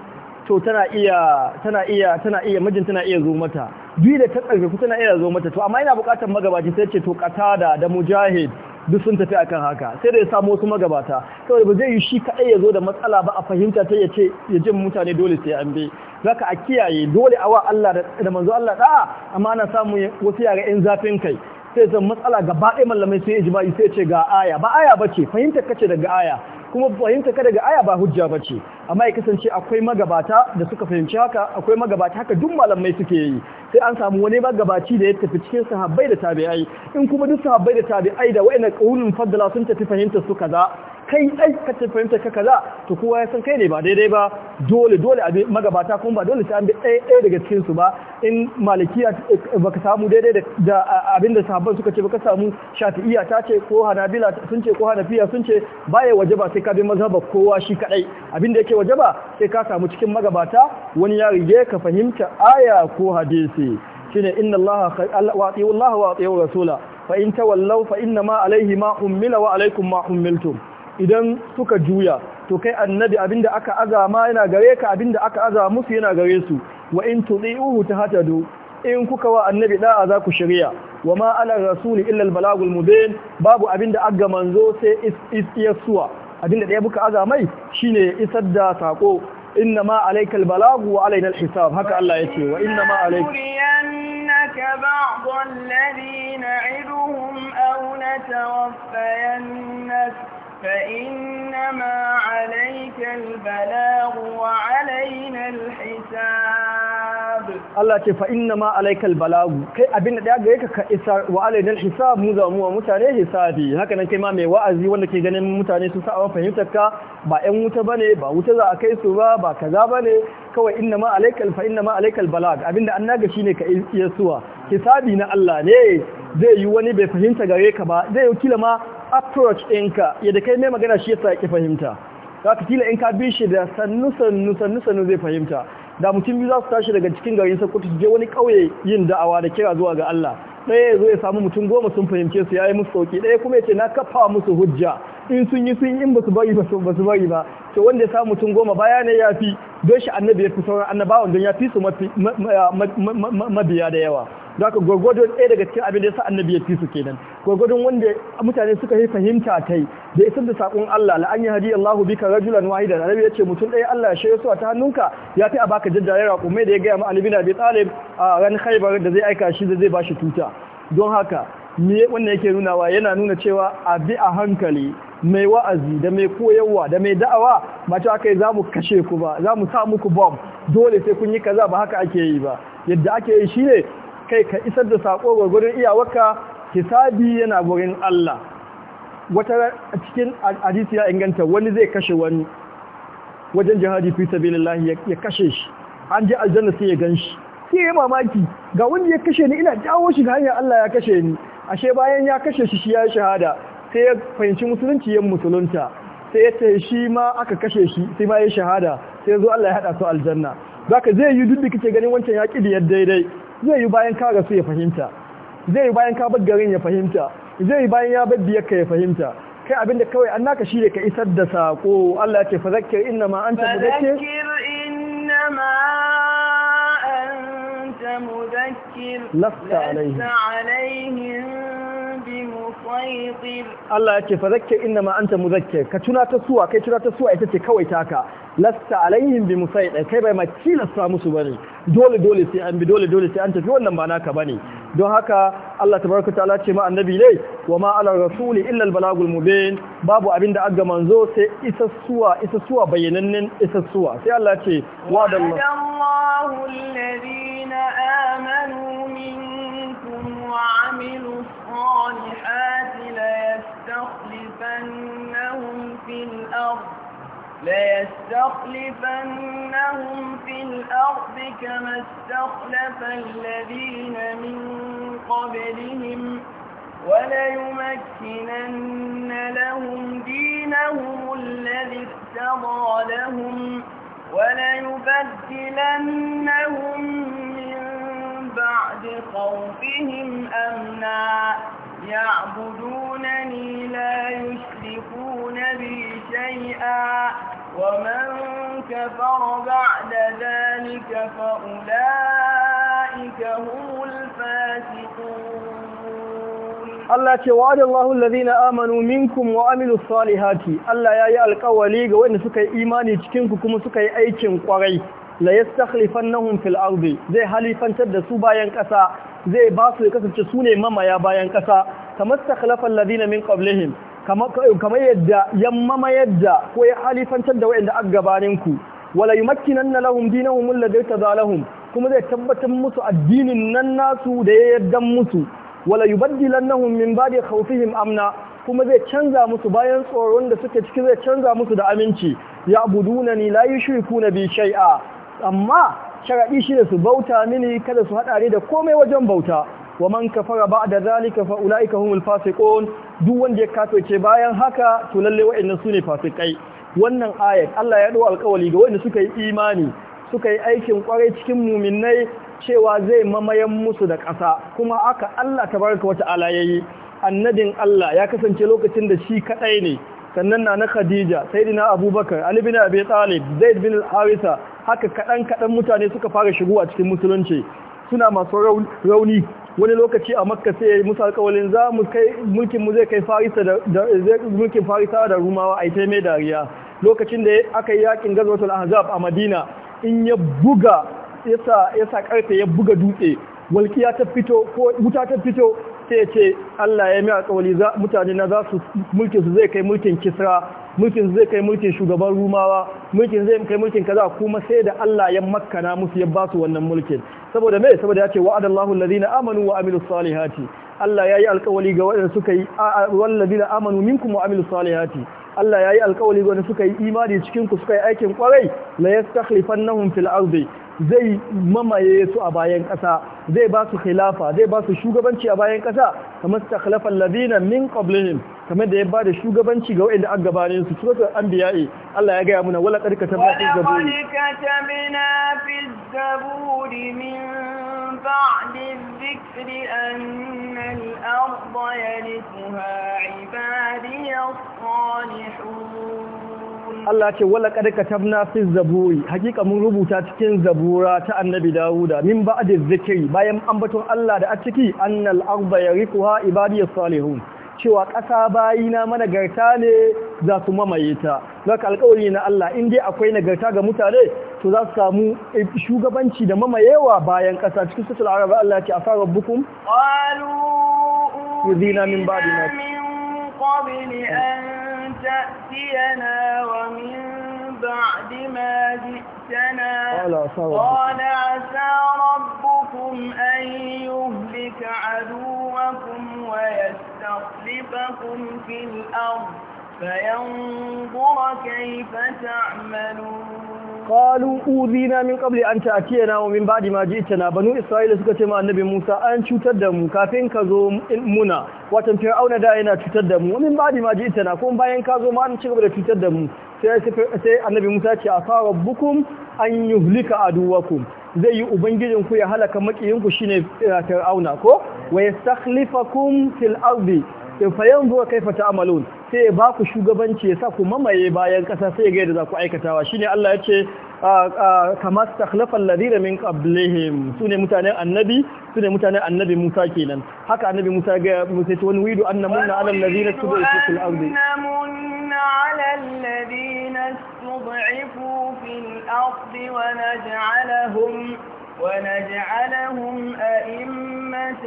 to tana iya tana iya tana iya mijin tana iya zo mata biyu da ta tsarkaku tana iya zo mata to amma ina buƙatar magabaci sai ce to qatada da mujahid duk sun tafi akan haka sai da ya samu wasu magabata kawai ba zai yi shi kaɗai ya zo da matsala ba a fahimta ta ya ce ya jin mutane dole sai an bi zaka a kiyaye dole awa Allah da manzo Allah da amma ana samu wasu yare in zafin kai sai zan matsala gaba ɗaya mallamai sai jima'i sai ce ga aya ba aya bace fahimta kace daga aya kuma fahimta ka daga aya ba hujja bace amma ya kasance akwai magabata da suka fahimci haka akwai magabata haka duk malamai suke yi sai an samu wani magabaci da ya tafi cikin sahabbai da tabi'ai in kuma duk sahabbai da tabi'ai da wa'annan qaulun fadala sun tafi fahimtar su kaza kai kace fahimtar ka kaza to kowa ya san kai ne ba daidai ba dole dole abin magabata kuma ba dole sai an ɗaya ɗaya daga cikin su ba in malikiya eh, ka samu daidai da abin da sahabban suka ce ba ka samu shafi'iya ta ce ko hanabila sun ce ko hanafiya sun ce Ba baya waje ba sai ka bi mazhabar kowa shi kadai abin da yake waje ba sai ka samu cikin magabata wani ya rige ka fahimta aya ko hadisi shine inna Allah wa atiyu wa atiyu rasula fa in tawallaw fa inna ma alayhi ma ummila wa alaykum ma ummiltum idan suka juya to kai annabi abinda aka azama yana gare ka abinda aka azama musu yana gare su wa in tuti'uhu tahtadu in kuka wa annabi da'a za ku shari'a wa ma ala rasuli illa al mubin babu abinda aga manzo sai isiyasuwa abinda daya buka azamai shine isar da sako inna ma alaikal balagu wa alaina hisab haka Allah yace wa inna ma alaik فإنما عليك البلاغ وعلينا الحساب Allah ce fa inna ma alaikal balagu kai abin da ya gare ka isa wa alainal hisab mu zamu wa mutane hisabi haka nan kai ma mai wa'azi wanda ke ganin mutane su sa'a fahimtar ka ba ƴan wuta bane ba wuta za a kai su ba ba kaza bane kawai inna ma alaikal fa inna ma alaikal balag abinda an naga shine ka iya suwa hisabi na Allah ne zai yi wani bai fahimta gare ka ba zai yi kila ma approach ɗinka yadda kai mai magana shi yasa yake fahimta za ka kila in ka bi shi da sannu sannu sannu sannu zai fahimta da mutum biyu za su tashi daga cikin garin sa su je wani ƙauye yin da'awa da kira zuwa ga Allah ɗaya ya zo ya samu mutum goma sun fahimce su ya yi musu sauki ɗaya kuma ya ce na kafa musu hujja in sun yi sun in basu bari ba su bari ba to wanda ya samu mutum goma baya ne ya fi don shi annabi ya fi sauran annabawan don ya fi su mabiya da yawa Da ka gwargwadon ɗaya daga cikin abin da ya sa annabi ya fi su kenan gwargwadon wanda mutane suka yi fahimta ta yi da isar da saƙon Allah la'an ya hadi Allahu bika rajulan wahidan annabi ya ce mutum ɗaya Allah ya shirya a ta hannunka ya fi a baka jajjare raƙumai da ya gaya ma annabi na bi talib a ran haibar da zai aika shi da zai ba shi tuta don haka me wannan yake nunawa yana nuna cewa a bi a hankali mai wa'azi da mai koyarwa da mai da'awa ba ta kai za mu kashe ku ba za mu sa muku bomb dole sai kun yi kaza ba haka ake yi ba yadda ake yi shi ne kai ka isar da saƙo ga gurin iyawarka hisabi yana gurin Allah wata cikin hadisi ya inganta wani zai kashe wani wajen jihadi fi sabilillah ya kashe shi an ji aljanna sai ya ganshi sai ya mamaki ga wanda ya kashe ni ina jawo shi ga hanyar Allah ya kashe ni ashe bayan ya kashe shi shi ya shahada sai ya fahimci musulunci yan musulunta sai ya ce shi ma aka kashe shi sai ma ya shahada sai zo Allah ya hada su aljanna zaka zai yi duk da kike ganin wancan yaki da daidai zai yi bayan ka rasu ya fahimta zai yi bayan ka bar garin ya fahimta zai yi bayan ya bar biyarka ya fahimta kai abinda da kawai annaka shi ne ka isar da sako Allah ya ce fa inna ma anta mudakkir inna ma anta mudakkir Allah ya ce fazakke inna ma mu muzakkir ka cuna ta suwa kai cuna ta suwa ita ce kawai taka lasta alaihim bi musaid kai bai mace lasta musu bane dole dole sai an bi dole dole sai an tafi wannan ba naka bane don haka Allah tabaraka ta'ala ce ma annabi ne wa ma ala rasuli illa al mu mubin babu abin da aga manzo sai isa suwa isa bayyanannen isa suwa sai Allah ya ce wa da Allah ليستخلفنهم في الأرض ليستخلفنهم في الأرض كما استخلف الذين من قبلهم وليمكنن لهم دينهم الذي ارتضى لهم وليبدلنهم من بعد خوفهم أمنا يعبدونني لا يعبدون ومن كفر بعد ذلك فأولئك هم الفاسقون الله ce wa'ada Allahu amanu minku" wa amilus salihati Allah yayi alƙawari ga waɗanda suka yi imani cikin ku kuma suka yi aikin ƙwarai la yastakhlifannahum fil ardi zai halifantar da su bayan ƙasa zai basu kasance su ne mamaya bayan ƙasa kamar takhlafa allazina min qablihim kamar yadda yammama yadda ko ya halifantar da wa'anda aka gabaninku wala yumakkinanna lahum dinahum alladhi tadalahum kuma zai tabbatar musu addinin nan nasu da ya yarda musu wala yubaddilannahum min ba'di khawfihim amna kuma zai canza musu bayan tsoron da suke ciki zai canza musu da aminci ya abudunani la yushrikuna bi shay'a amma sharadi shi su bauta mini kada su hada da komai wajen bauta wa man kafara ba'da zalika fa ulaika humul fasiqun duk wanda ya kafirce bayan haka to lalle wa'annan sune fasikai wannan ayat Allah ya dawo alƙawari ga wanda suka yi imani suka yi aikin kwarai cikin muminai cewa zai mamayan musu da ƙasa kuma aka Allah tabaraka wata'ala yayi annabin Allah ya kasance lokacin da shi kadai ne sannan na Khadija, Sayyidina Abubakar, Ali bin Abi Talib, Zaid bin Harisa, haka kaɗan kaɗan mutane suka fara shigo a cikin musulunci suna masu rauni wani lokaci a makka sai ya yi musu alkawalin za mu kai mulkinmu zai kai farisa da mulkin farisa da rumawa a ita mai dariya lokacin da aka yi yakin gazwatul ahzab a madina in ya buga ya sa karfe ya buga dutse walƙiya ta fito ko wuta ta fito sai ya ce Allah ya mai alkawali mutane na za su mulkin zai kai mulkin kisra mulkin zai kai mulkin shugaban rumawa mulkin zai kai mulkin kaza kuma sai da Allah ya makkana musu ya basu wannan mulkin saboda me saboda ya ce wa'adallahu alladhina amanu wa amilus salihati Allah ya yi alkawali ga waɗanda suka yi wallazina amanu minkum wa amilus salihati Allah ya yi alkawali wani suka yi imani cikin ku suka yi aikin kwarai la na fil ardi zai mamaye su a bayan ƙasa zai ba su khilafa zai ba su shugabanci a bayan ƙasa kamar stakhlafa alladhina min qablihim kamar da ya ba da shugabanci ga waɗanda an gabanin su an biya'i Allah ya gaya muna wala qad katabna fi zaburi بعد الذكر أن الأرض يرثها عبادي الصالحون Allah ce wala kad katabna fi zaburi hakika mun rubuta cikin zabura ta annabi Dawuda min ba'd zikri bayan ambaton Allah da a ciki annal arda yarikuha ibadiyas salihun cewa ƙasa bayina managarta ne za su mamaye ta zaka alƙawari na Allah in dai akwai nagarta ga mutane to za su samu shugabanci da mamayewa bayan ƙasa cikin sutul arab Allah a fara bukum qalu yuzina min ba'di ma qabli an ta'tiyana min ba'di ma ji'tana لكم في الأرض فينظر كيف تعملون qalu udhina min qabli an ta'tiyana wa min ba'di ma banu isra'ila suka ce ma annabi Musa an cutar da mu kafin ka zo muna watan fir'auna da yana cutar da mu wa min ba'di ma ji'tana ko bayan ka zo ma an ci gaba da cutar da mu sai annabi Musa ce asa rabbukum an yuhlika aduwakum zai yi ubangijin ku ya halaka makiyin ku shine fir'auna ko wa yastakhlifakum fil Fayan yanzu kaifa amalun sai ya ba ku shugabanci ya sa ku mamaye bayan kasa sai ya ga yadda za ku aikatawa shine Allah ya ce kama takhlafan ladira min qablihim ne mutanen annabi ne mutanen annabi Musa kenan haka annabi Musa ga Musa ce wani widu annamunna ala alladhina su fil ardi على الذين ونجعلهم أئمة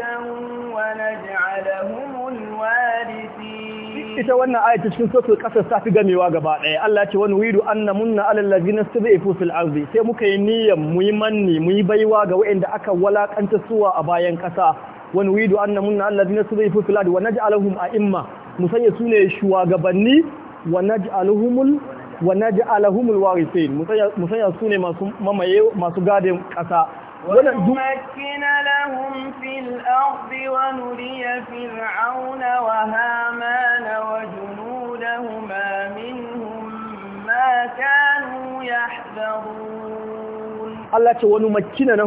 ونجعلهم الوارثين ita wannan aya ta cikin suratul qasas ta fi gamewa gaba ɗaya Allah ce wani widu anna munna alal ladina stud'ifu fil ardi sai muka yi niyyar mu yi manni mu yi baiwa ga waɗanda aka walakanta suwa a bayan ƙasa wani widu anna munna alal ladina stud'ifu fil ardi wa naj'aluhum a'imma mu sanya su ne shugabanni wa naj'aluhumul wa naj'alahumul warithin musanya su ne masu mamaye masu gadin kasa wannan duk lahum fil ardi wa nuriya fir'auna wa hamana wa junudahuma minhum ma kanu yahdharun Allah ce wani makina na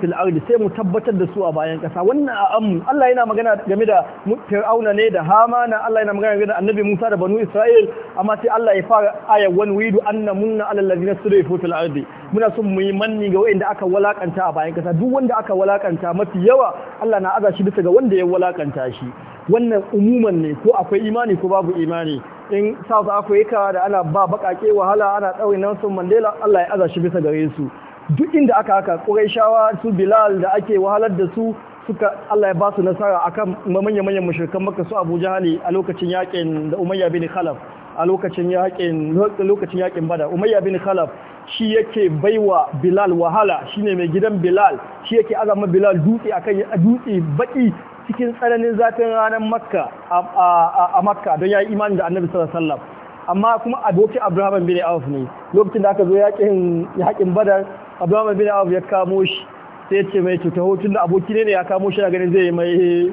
fil ardi sai mu tabbatar da su a bayan kasa wannan a amu Allah yana magana game da Fir'auna ne da Hamana Allah yana magana game da Annabi Musa da Banu Isra'il amma sai Allah ya fara aya wan widu anna munna alal ladina sudrifu fil ardi muna son mu yi manni ga wanda aka walakanta a bayan kasa duk wanda aka walakanta mafi yawa Allah na aza shi bisa ga wanda ya walakanta shi wannan umuman ne ko akwai imani ko babu imani in South Africa da ana ba bakake wahala ana ɗaurin Nelson Mandela Allah ya aza shi bisa gare su duk inda aka haka shawa su bilal da ake wahalar da su suka Allah ya ba su nasara akan manya-manyan mashirkan Makka su Abu a lokacin yaƙin da Umayya bin Khalaf a lokacin yaƙin lokacin yaƙin Badar Umayya bin Khalaf shi yake baiwa Bilal wahala shine mai gidan Bilal shi yake azama Bilal dutse akan dutse baki cikin tsananin zafin ranar Makka a Makka don yayi imani da Annabi sallallahu alaihi amma kuma abokin Abraham bin Auf ne lokacin da aka zo yaƙin yakin Badar abdurrahman bin abu ya kamo shi sai ce mai cuta hotun da aboki ne ya kamo shi na ganin zai mai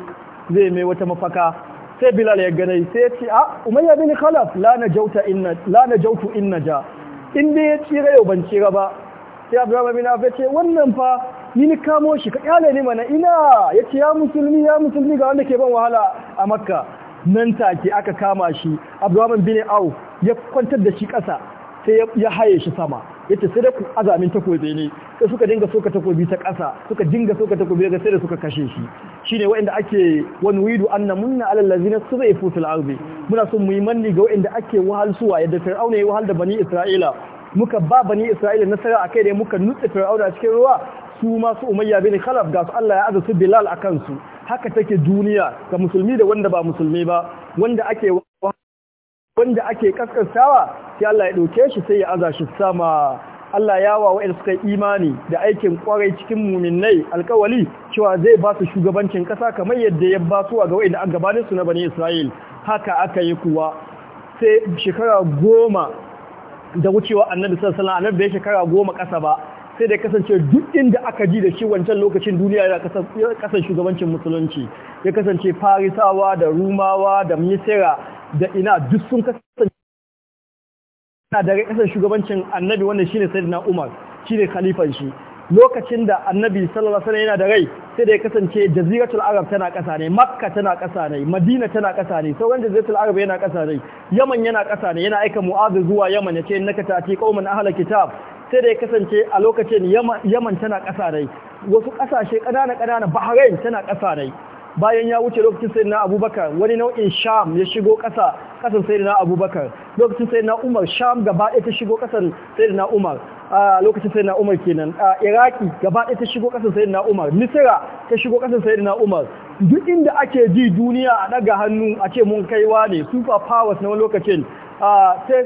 mai wata mafaka sai bilal ya gane sai ya ce a ah, umayya bin khalaf la na inna la na ja in dai ya tsira yau ban tsira ba sai abdurrahman bin abu ya ce wannan fa ni ni kamo shi ka kyale ni mana ina ya ce ya musulmi ya musulmi ga wanda ke ban wahala a makka nan take aka kama shi abdurrahman bin auf ya kwantar da shi ƙasa sai ya haye shi sama yace sai da ku azamin takobi ne sai suka dinga soka takobi ta kasa suka dinga soka takobi daga sai da suka kashe shi shine waɗanda ake wani widu anna munna alal ladzina sudaifu fil ardi muna son mu yi manni ga waɗanda ake wahal suwa yadda fir'auna ya wahal da bani isra'ila muka ba bani isra'ila nasara akai da muka nutse fir'auna cikin ruwa su masu umayya bin khalaf ga su Allah ya aza su bilal akan su haka take duniya ga musulmi da wanda ba musulmi ba wanda ake wanda ake kaskantawa sai Allah ya ɗauke shi sai ya aza shi sama Allah ya wa wa'in suka imani da aikin kwarai cikin muminai alkawali cewa zai ba su shugabancin ƙasa kamar yadda ya ba su ga wa'in da an gabanin su na bani Isra'il haka aka yi kuwa sai shekara goma da wucewa annabi sallallahu alaihi wasallam annabi bai shekara goma ƙasa ba sai da kasance duk inda aka ji da shi wancan lokacin duniya ya kasance shugabancin musulunci ya kasance farisawa da rumawa da misira da ina duk sun kasance da kasar shugabancin annabi wanda ne sayyidina umar ne khalifan shi lokacin da annabi sallallahu alaihi yana da rai sai da ya kasance jaziratul arab tana kasa ne makka tana kasa ne madina tana kasa ne sauran jaziratul arab yana kasa ne yaman yana kasa ne yana aika mu'adh zuwa yaman ya ce innaka ta'ti qauman ahla kitab sai da ya kasance a lokacin yaman tana ƙasa rai wasu ƙasashe ƙanana-ƙanana bahrain tana ƙasa rai bayan ya wuce lokacin sai na abubakar wani nau'in sham ya shigo ƙasa ƙasar sai na abubakar lokacin sai na umar sham gaba ɗaya ta shigo ƙasar sai na umar a lokacin sai na umar kenan a iraki gaba ɗaya ta shigo ƙasar sai na umar misira ta shigo ƙasar sai na umar duk inda ake ji duniya a ɗaga hannu a ce mun kaiwa ne super powers na wani lokacin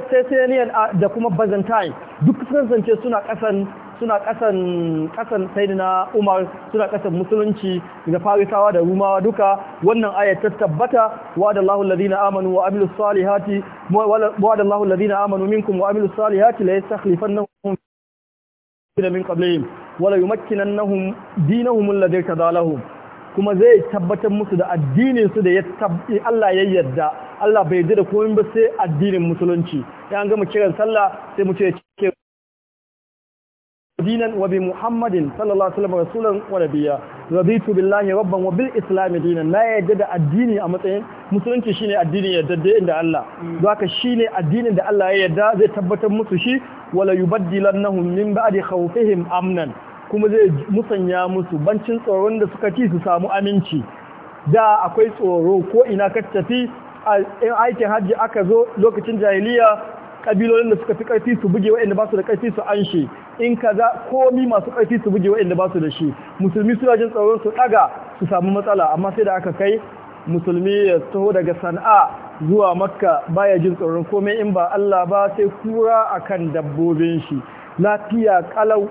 Sesenian da kuma Byzantine duk kasance suna kasan suna kasan kasan Sayyidina Umar suna kasan musulunci da Farisawa da Rumawa duka wannan ayat ta tabbata wa da Allahu alladhina amanu wa amilus salihati wa da Allahu alladhina amanu minkum wa amilus salihati la yastakhlifannahum min qablihim wa la yumakkinannahum dinahum alladhi tadalahum kuma zai tabbatar musu da addinin su da Allah ya yarda Allah bai yi da komai ba sai addinin musulunci sai an gama kiran sallah sai mu ce ke dinan wa bi muhammadin sallallahu alaihi wasallam rasulan wa nabiyya raditu billahi rabban wa bil islam dinan na yadda da addini a matsayin musulunci shine addini yarda da inda Allah don haka shine addinin da Allah ya yadda zai tabbatar musu shi wala yubaddilannahum min ba'di khawfihim amnan kuma zai musanya musu bancin tsoron da suka ci su samu aminci da akwai tsoro ko ina ka tafi in aikin hajji aka zo lokacin jahiliya kabilolin da suka fi karfi su buge waɗanda ba su da karfi su anshe in kaza komi masu karfi su buge waɗanda ba su da shi musulmi suna jin tsoron su daga su samu matsala amma sai da aka kai musulmi ya taho daga sana'a zuwa makka baya jin tsoron komai in ba Allah ba sai kura a kan dabbobin shi lafiya kalau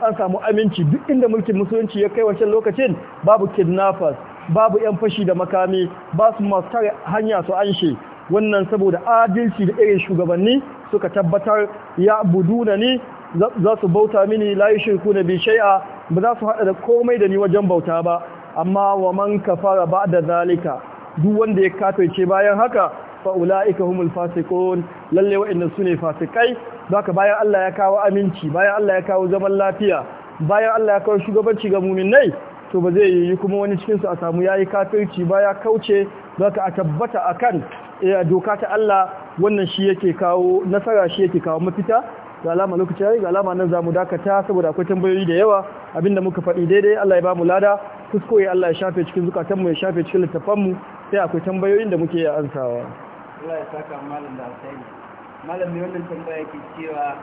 an samu aminci duk inda mulkin musulunci ya kai wancan lokacin babu kidnappers babu 'yan fashi da makami ba su masu tare hanya su anshe wannan saboda adalci da irin shugabanni suka tabbatar ya buduna ni za su bauta mini layi shirku na bishai'a ba za su haɗa da komai da ni wajen bauta ba amma wa man fara ba da zalika duk wanda ya kafirce bayan haka fa'ula'ika humul fasikun lalle wa'inda su ne fasikai ka bayan Allah ya kawo aminci bayan Allah ya kawo zaman lafiya bayan Allah ya kawo shugabanci ga muminai to ba zai yi kuma wani cikinsu a samu yayi kafirci ba ya kauce zaka a tabbata akan eh, doka ta Allah wannan shi yake kawo nasara shi yake kawo mafita ga alama lokaci yayi ga alama nan zamu dakata saboda akwai tambayoyi da yawa abinda muka faɗi daidai Allah ya ba mu lada kuskure Allah ya shafe cikin zukatanmu ya shafe cikin littafanmu sai akwai tambayoyin da muke ansawa Allah ya saka malam da alkhairi malam ne wannan tambaya ke cewa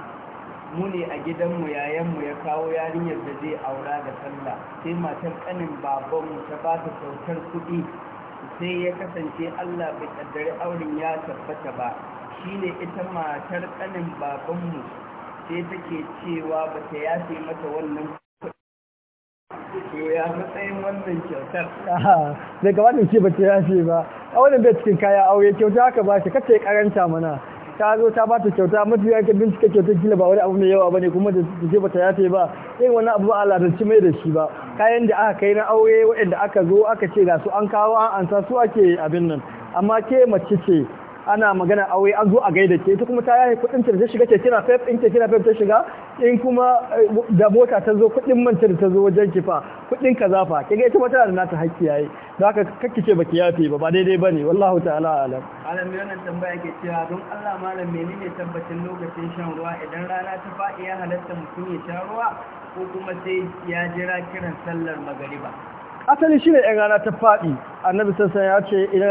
mu ne a gidanmu yayanmu ya kawo yarinyar da zai aura da sallah sai matar kanin babanmu ta ba ta kyautar kuɗi sai ya kasance allah bai kaddari auren ya tabbata ba shine ita matar kanin babanmu sai take cewa ba ta yafe mata wannan ya matsayin wannan kyautar daga wannan ce ba ta yafe ba a wannan bai cikin kaya aure kyauta haka ba ta kacce karanta mana ta zo ta bata kyauta mafi yake bincika kyauta kila ba wani abu mai yawa bane kuma da ce bata yafe ba sai wani abu a larabci mai da shi ba kayan da aka kai na aure waɗanda aka zo aka ce ga su an kawo an ansa su ake abin nan amma ke mace ce ana magana aure an zo a gaida ke ita kuma ta yaye kudin ta da shiga ce kina fef din ke fef ta shiga in kuma eh, da mota ta zo kudin manta da ta zo wajen ki kazafa kika kaza fa kage ita mata da nata hakki yayi da haka kake ce baki yafi ba ba daidai bane wallahi ta'ala alam alam ne wannan tambaya ke cewa don Allah malam menene tabbacin lokacin shan ruwa idan rana ta faɗi ya halatta mutum ya sha ruwa ko kuma sai ya jira kiran sallar magariba asali shi ne yan rana ta faɗi annabi sassan ya ce in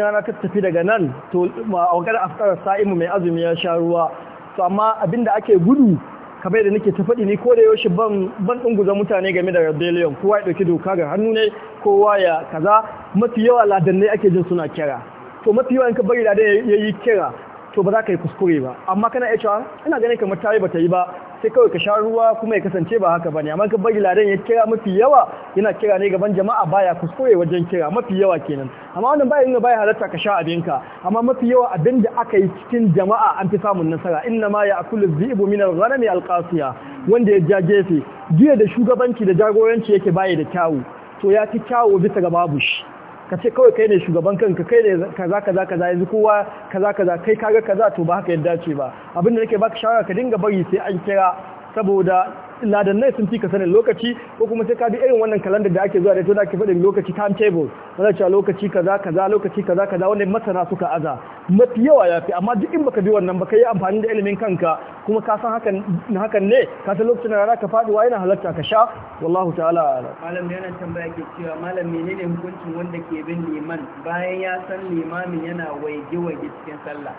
rana ta tafi daga nan to ma'aukar afkarar sa'imu mai azumi ya sha ruwa to amma abinda ake gudu kamar da nake ta faɗi ni ko da yaushe ban ban dunguza mutane game da rebellion kowa ya ɗauki doka ga hannu ne kowa ya kaza mafi yawa ladannai ake jin suna kira to mafi yawa in ka bari ladan ya yi kira to ba za ka yi kuskure ba amma kana iya cewa ina ganin kamar tayi ba ta yi ba sai kawai ka sha ruwa kuma ya kasance ba haka bane amma ka bari ladan ya kira mafi yawa yana kira ne gaban jama'a baya kuskure wajen kira mafi yawa kenan amma wannan bayan ne baya halatta ka sha abinka amma mafi yawa abin da aka yi cikin jama'a an fi samun nasara inna ma ya akulu zibu min al-ghanami al-qasiya wanda ya ja gefe jiya da shugabanci da jagoranci yake baya da kyawu to ya fi kyawu bisa ga babu shi ka ce kawai kai ne shugaban kanka kai ne kaza kaza kaza yanzu kowa kaza kaza kai kaga kaza to ba haka yadda ce ba abinda nake baka shawara ka dinga bari sai an kira saboda ladannai sun fi ka sanin lokaci ko kuma sai ka bi irin wannan kalandar da ake zuwa da ita da ake faɗin lokaci timetable wanda cewa lokaci kaza kaza lokaci kaza kaza wanda masana suka aza mafi yawa ya fi amma duk in baka bi wannan baka yi amfani da ilimin kanka kuma ka san hakan hakan ne ka san lokacin da rana ka wa yana halatta ka sha wallahu ta'ala malam yana tambaya ke cewa malam menene hukuncin wanda ke bin liman bayan ya san limamin yana waige waige cikin sallah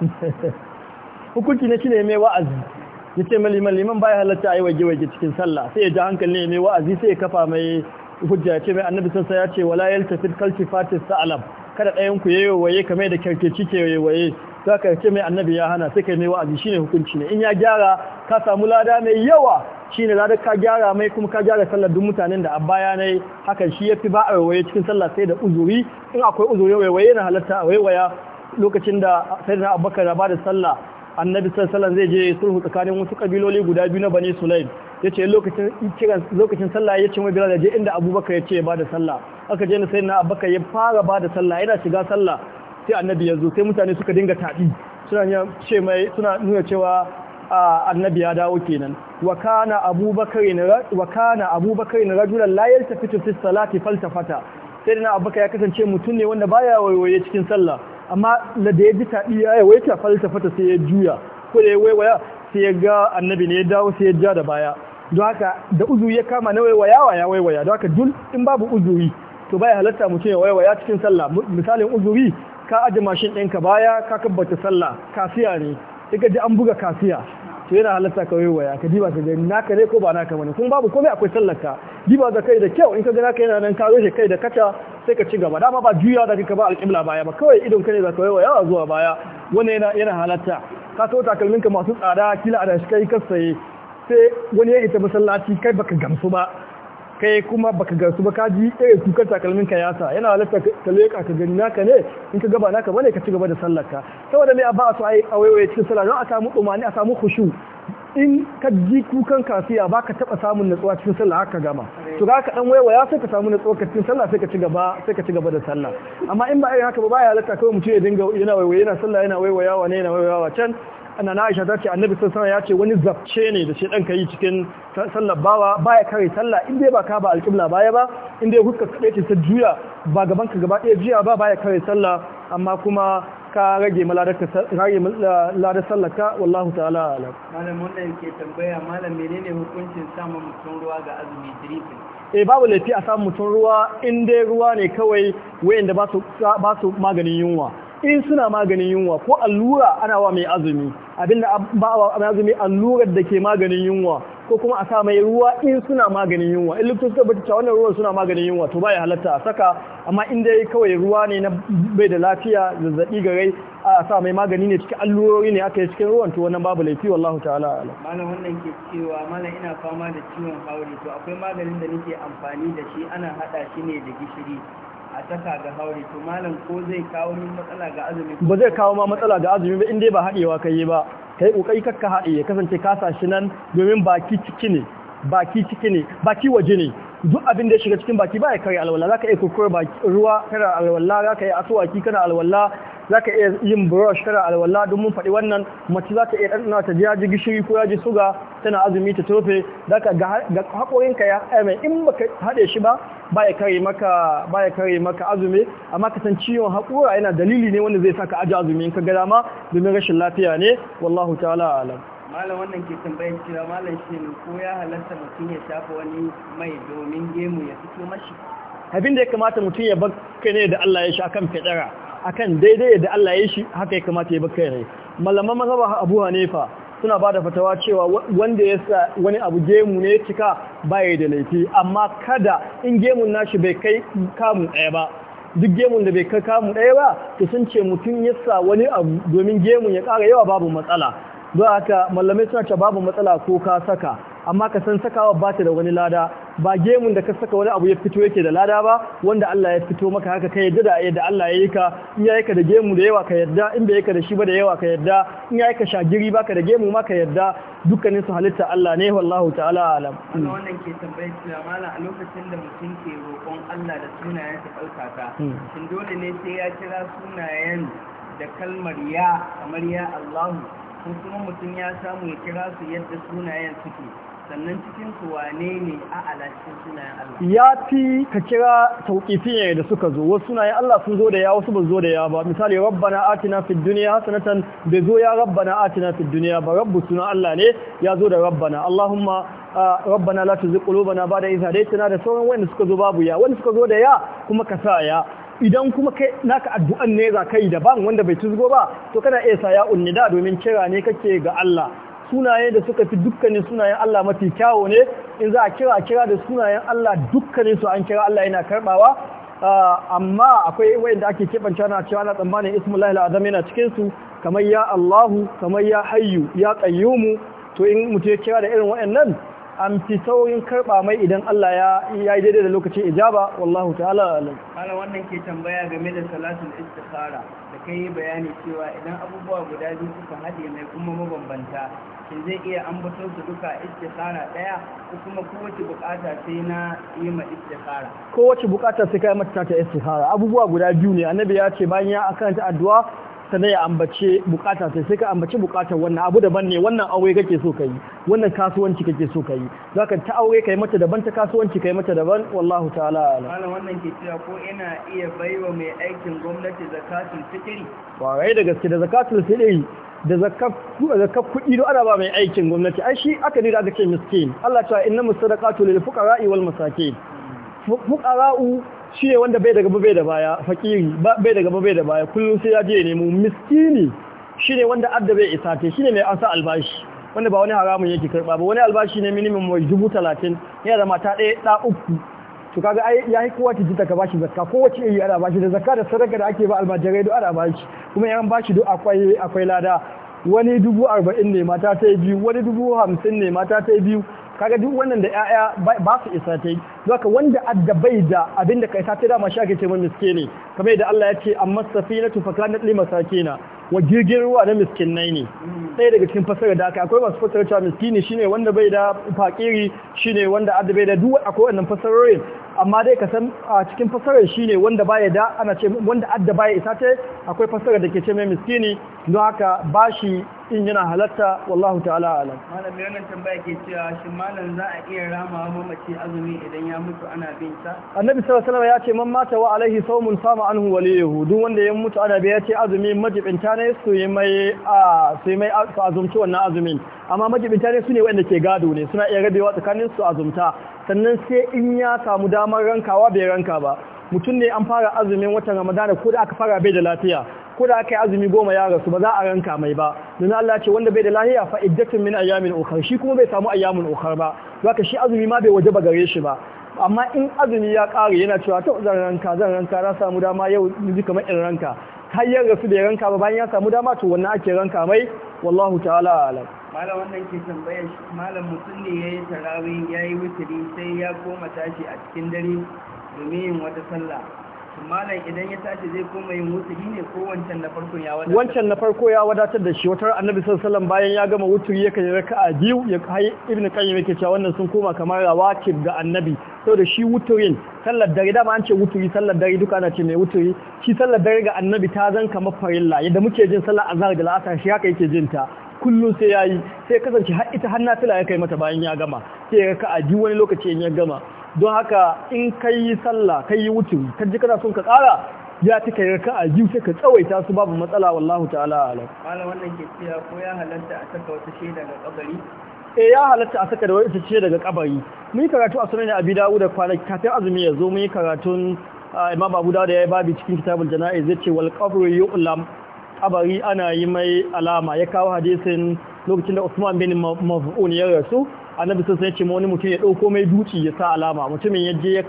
*laughs* hukunci ne shine mai wa'azi ya ce liman baya halatta a yi wage-wage cikin sallah sai ya ji hankali ne mai wa'azi sai ya kafa mai hujja ya ce mai annabi sassa ya ce wala yal tafi kalci fatis alam kada ɗayan ku yayi waye kamar da kyarkeci ke yayi waye za ka ce mai annabi ya hana sai kai mai wa'azi shine hukunci ne in ya gyara ka samu lada mai yawa shine lada ka gyara mai kuma ka gyara sallar duk mutanen da a baya yi hakan shi ya fi ba a waye cikin sallah sai da uzuri in akwai uzuri waye na halarta a waya lokacin da sai da abubakar ba da sallah annabi sallallahu zai je sulhu tsakanin wasu kabiloli guda biyu na bani sulaim yace lokacin kiran lokacin sallah yace mai bilal je inda abubakar yace ya bada sallah aka je na abubakar ya fara bada sallah yana shiga sallah sai annabi ya zo sai mutane suka dinga taɗi suna ce mai suna nuna cewa annabi ya dawo kenan wa kana abubakar wa kana abubakar rajulan la yaltafitu fi salati faltafata sai na abubakar ya kasance mutum ne wanda baya wayoye cikin sallah amma da ya ji taɗi ya yawai ta fata sai ya juya ko da ya waiwaya sai ya ga annabi ne ya dawo sai ya ja da baya don haka da uzuri ya kama na waiwayawa ya waiwaya don haka dul in babu uzuri to baya halatta mutum ya waiwaya cikin sallah misalin uzuri ka ajiye mashin ɗinka baya ka kabbata sallah kasiya ne in ka an buga kasiya to yana halatta ka waya ka diba ka na naka ne ko ba naka bane kuma babu komai akwai sallarka diba da kai da kyau in ka ga naka yana nan ka shi kai da kaca sai ka ci gaba dama ba juya da ka ba alƙibla baya ba kawai idon ka ne za ka waya zuwa baya wani yana yana halatta ka so takalmin ka masu tsada kila a da shi kai ka saye sai wani ya ita masallaci kai baka gamsu ba kai kuma baka gasu ba ka ji irin kukan takalmin ka yasa yana halatta ka leka ka gani naka ne in ka gaba naka bane ka ci gaba da sallar ka saboda me ba su ai awaiwaye cikin sallah don a samu dumani a samu khushu in ka ji kukan kafiya ba ka taɓa samun natsuwa cikin sallah haka gama to ga ka dan waiwaya sai ka samu natsuwa cikin sallah sai ka ci gaba sai ka ci gaba da sallah amma in ba irin haka ba baya halatta kawai mutum ya dinga yana waiwaye yana sallah yana waiwayawa ne yana waiwayawa can ana na aisha ta ce annabi sassan ya ce wani zafce ne da shi ɗanka yi cikin sallar bawa baya kare sallah in dai ba ka ba alƙibla baya ba in dai huska kaɗai ce ta juya ba gaban ka gaba ɗaya juya ba baya kare sallah amma kuma ka rage ladar sallah ka wallahu ta'ala alam. malam wanda yake tambaya malam menene hukuncin samun mutum ruwa ga azumi dripping eh babu laifi a samun mutum ruwa in dai ruwa ne kawai wayanda ba su maganin yunwa in suna maganin yunwa ko allura ana wa mai azumi abinda ba wa azumi allurar da ke maganin yunwa ko kuma a sa mai ruwa in suna maganin yunwa in likitoci suka bata wannan ruwan suna maganin yunwa to bai halatta a saka amma in dai kawai ruwa ne na bai da lafiya zazzabi ga rai a sa mai magani ne cikin allurori ne aka yi cikin ruwan to wannan babu laifi wallahu ta'ala ala malam wannan ke cewa malam ina fama da ciwon hauri to akwai maganin da nake amfani da shi ana hada shi ne da gishiri a taka ga haure to malam ko zai kawo min matsala ga azumi ba zai kawo ma matsala ga azumi ba in dai ba haɗewa kai ba kai kokari kakka haɗe ya kasance ka sashi nan domin baki ciki ne baki ciki ne baki waje ne duk abin da shiga cikin baki ba ya kare alwala za ka iya kurkura ruwa kana alwala za ka yi asuwaki kana alwala za ka iya yin brush tana alwala don mun faɗi wannan mace za ta iya ɗanɗana ta ji ji gishiri ko yaji suga tana azumi ta tofe za ka ga haƙorinka ya haɗe in ba ka haɗe shi ba ba ya kare maka ba ya kare maka azumi amma ka san ciwon haƙora yana dalili ne wanda zai sa ka aji azumi in ka gada ma. domin rashin lafiya ne wallahu ta'ala alam malam wannan ke tambayar cewa malam shi ko ya halarta mutum ya shafa wani mai domin gemu ya fito mashi abin da ya kamata mutum ya bar ne da Allah ya sha kan fitsara akan daidai da Allah ya shi haka ya kamata ya baka rai malaman mazhaba Abu Hanifa suna bada fatawa cewa wanda ya sa wani abu gemu ne cika baya da laifi amma kada in gemun nashi bai kai kamu ɗaya ba duk gemun da bai kai kamu ɗaya ba to sun ce mutum ya sa wani abu domin gemun ya ƙara yawa babu matsala don haka mallamai suna ce babu matsala ko ka saka amma ka san sakawa ba ta da wani lada ba gemun da ka saka wani abu ya fito yake da lada ba wanda Allah ya fito maka haka ka yadda da yadda Allah ya yi ka in ya yi ka da gemu da yawa ka yadda in bai yi ka da shi ba da yawa ka yadda in ya yi ka shagiri ba ka da gemu ma ka yadda dukkanin su halitta Allah ne wallahu ta'ala alam wannan ke tambayar cewa mala a lokacin da mutum ke roƙon Allah da sunayen sa hmm. shin dole ne sai ya kira sunayen da kalmar ya kamar ya Allahu ko kuma mutum ya samu ya kira su yadda sunayen suke sannan cikin su wane ne a alashin sunayen Allah ya fi ka kira tauqifiyya da suka zo wasu sunayen Allah sun zo da ya wasu ba zo da ya ba misali rabbana atina fid dunya sanatan bai zo ya rabbana atina fid dunya ba rabbu suna Allah ne ya zo da rabbana Allahumma rabbana la tuzigh qulubana ba'da idh hadaytana da sauran wanda suka zo babu ya wanda suka zo da ya kuma ka sa ya idan kuma kai naka addu'an ne za ka yi daban wanda bai tuzgo ba to kana iya sa ya'un da domin kira ne kake ga Allah sunaye da suka fi dukkanin sunayen Allah mafi kyawo ne in za a kira kira da sunayen Allah dukkanin su an kira Allah yana karbawa ah, amma akwai wanda ake kebanta na cewa na tsammanin ismullahi al'azam yana cikin su kamar ya Allahu kamar ya Hayyu ya Qayyumu to in mutum ya kira da irin waɗannan an fi saurin karɓa mai idan Allah ya yi daidai da lokacin ijaba wallahu ta'ala alam ana wannan ke tambaya game da salatul istikhara da kai yi bayani cewa idan abubuwa guda biyu suka haɗe mai kuma mabambanta shin zai iya ambato su duka istikhara ɗaya ko kuma kowace bukata sai na yi ma istikhara kowace bukata sai kai mata ta istikhara abubuwa guda biyu ne annabi ya ce bayan ya akanta addu'a ne ya ambace bukata sai sai ka ambace bukatar wannan abu daban ne wannan aure kake so kai wannan kasuwanci kake so kai zaka ta aure kai mata daban ta kasuwanci kai mata daban wallahu ta'ala ala wannan ke cewa ko ina iya baiwa mai aikin gwamnati zakatul fitri kwarai da gaske da zakatul fitri da zakar kudi don ana ba mai aikin gwamnati ai shi aka ne da aka ce miskin Allah ta inna musaddaqatu lil fuqara'i wal masakin fuqara'u shi ne wanda bai da gaba bai da baya fakiri bai da gaba bai da baya kullum sai ya je nemo miskini shi ne wanda adda bai isa te shi ne mai an sa albashi wanda ba wani haramun yake karba ba wani albashi ne minimum mai dubu talatin yana da mata ɗaya ɗa uku to kaga ai ya yi kowace jita ka bashi zakka kowace iri ana bashi da zakka da sadaka da ake ba almajirai duk ana bashi kuma yan bashi duk akwai akwai lada wani dubu arba'in ne mata ta biyu wani dubu hamsin ne mata ta biyu kaga duk wannan da yaya ba su isa ta yi zaka wanda adda bai da abin da ka isa ta dama shi ake ce mai ne, kamar yadda Allah ya ce amma safinatu ke na. wa jirgin ruwa na miskinai ne ɗaya daga cikin fasara da aka akwai masu fasara cewa miskini shine wanda bai da fakiri shine wanda adda bai da duwa akwai wannan fasarorin amma dai ka san a cikin fasarar shine wanda baya da ana ce wanda adda baya isa ce akwai fasarar da ke ce mai miskini don haka bashi in yana halatta wallahu ta'ala alam malam yana tambaya ke cewa shi malam za a iya rama mamaci azumi idan ya mutu ana bin sa annabi sallallahu alaihi wasallam ya ce man mata wa alaihi sawmun sama anhu waliyuhu duk wanda ya mutu ana biya ce azumi majibinta ne su yi mai a su yi mai azumci wannan azumin amma magibinta ne su ne wanda ke gado ne suna iya rabewa tsakanin su azumta sannan sai in ya samu damar rankawa bai ranka ba mutum ne an fara azumin watan ramadana ko da aka fara bai da lafiya ko da aka yi azumi goma ya rasu ba za a ranka mai ba don Allah ce wanda bai da lafiya fa iddatun min ayyamin ukhar shi kuma bai samu ayyamin ukhar ba zaka shi azumi ma bai waje ba gare shi ba amma in azumi ya ƙare yana cewa to zan ranka zan ranka na samu dama yau ji kamar in ranka har ya rasu da ya ranka ba bayan ya samu dama to wannan ake ranka mai wallahu ta'ala alam malam wannan ke tambaya malam mutum ne yayi tarawih yayi witri sai ya koma tashi a cikin dare domin yin wata sallah malam idan ya tashi zai koma yin wuturi ne ko wancan na farko ya wadatar wancan na farko ya wadatar da shi watar annabi sallallahu bayan ya gama wuturi ya kai a biyu ya kai ibnu qayyim yake cewa wannan sun koma kamar rawatib ga annabi saboda shi wuturin sallar dare dama an ce wuturi sallar dare duka ana ce mai wuturi shi sallar dare ga annabi ta zan kamar farilla yadda muke jin sallar azhar da la'asar shi haka yake jin ta kullum sai yayi sai kasance har ita har nafila ya kai mata bayan ya gama sai ya raka biyu wani lokaci in ya gama don haka in ka yi sallah ka yi wucin ka ji kana son ka ƙara ya cika yarka a jiw sai ka tsawaita su babu matsala wallahu ta'ala ala ke ko ya halatta a saka wata shi daga kabari eh ya halatta a saka da wata shi daga kabari mun yi karatu a sunan abi dawud da kwanaki kafin azumi ya zo mun yi karatun imam abu dawud ya yi babi cikin kitabul janaiz yace wal qabru yu'lam kabari ana yi mai alama ya kawo hadisin lokacin da Usman bin Maf'un ya rasu annabi sun sai ce ma wani mutum ya ɗauko mai dutse ya sa alama mutumin ya je ya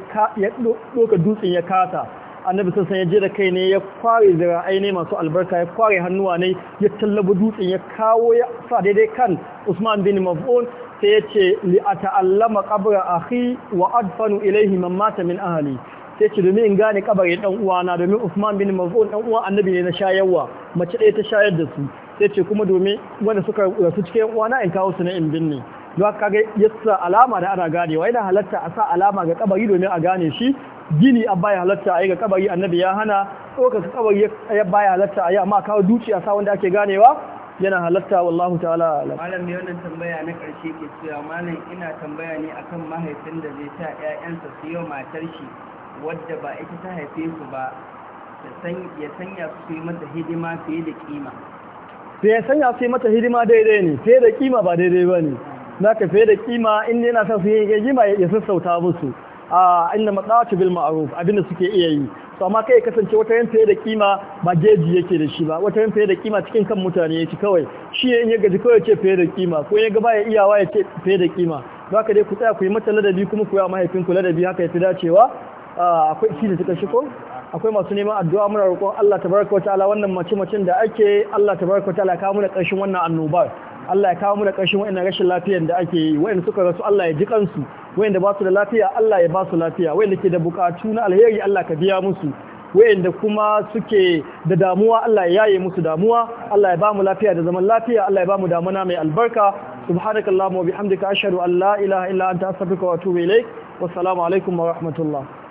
ɗauka dutsen ya kasa annabi sun sai ya je da kai ne ya kware zira ne masu albarka ya kware hannuwa ne ya tallaba dutsen ya kawo ya sa daidai kan usman bin maf'un sai ya ce li a ta'allama kabra akhi wa adfanu ilaihi man mata min ahli sai ce domin in gane kabar dan uwana domin usman bin maf'un dan uwa annabi ne na shayarwa mace ɗaya ta shayar da su sai ce kuma domin wanda suka rasu cikin uwana in kawo su na in binne don kaga yasa alama da ana ganewa yana halatta a sa alama ga kabari domin a gane shi gini a baya halatta a yi ga kabari annabi ya hana ɗaukaka kabari ya baya halatta a yi amma kawo duci a sa wanda ake ganewa yana halatta wallahu ta'ala malam ne wannan tambaya na karshe ke cewa malam ina tambaya ne akan mahaifin da zai sa ƴaƴansa su yi matar shi wadda ba ita ta haife su ba ya sanya su yi mata hidima fiye da kima sai ya sanya su yi mata hidima daidai ne fiye da kima ba daidai ba ne na ka fiye da kima inda yana san su yi ma ya sassauta musu a inda matsawatu bil ma'ruf abinda suke iya yi to amma kai kasance wata yin fiye da kima ba geji yake da shi ba wata yin fiye da kima cikin kan mutane yake kawai shi ya yi gaji kawai ce fiye da kima ko ya gaba ya iyawa ya ce fiye da kima za ka dai ku tsaya ku yi mata ladabi kuma ku yi mahaifin ku ladabi haka ya fi dacewa akwai shi da suka shi ko akwai masu neman addu'a muna roƙon Allah tabaraka wa ta'ala wannan mace-macen da ake Allah tabaraka wa ta'ala kawo mana ƙarshen wannan annobar Allah ya kawo mu da ƙarshen wa'annan rashin lafiyar da ake yi wa'anda suka rasu Allah ya ji kansu wa'anda ba su da lafiya Allah ya ba su lafiya wa'anda ke da bukatu na alheri Allah ka biya musu wa'anda kuma suke da damuwa Allah ya yaye musu damuwa Allah ya ba mu lafiya da zaman lafiya Allah ya ba mu damuna mai albarka subhanakallahumma wa bihamdika ashhadu an la ilaha illa anta astaghfiruka wa atubu ilaik alaikum wa rahmatullah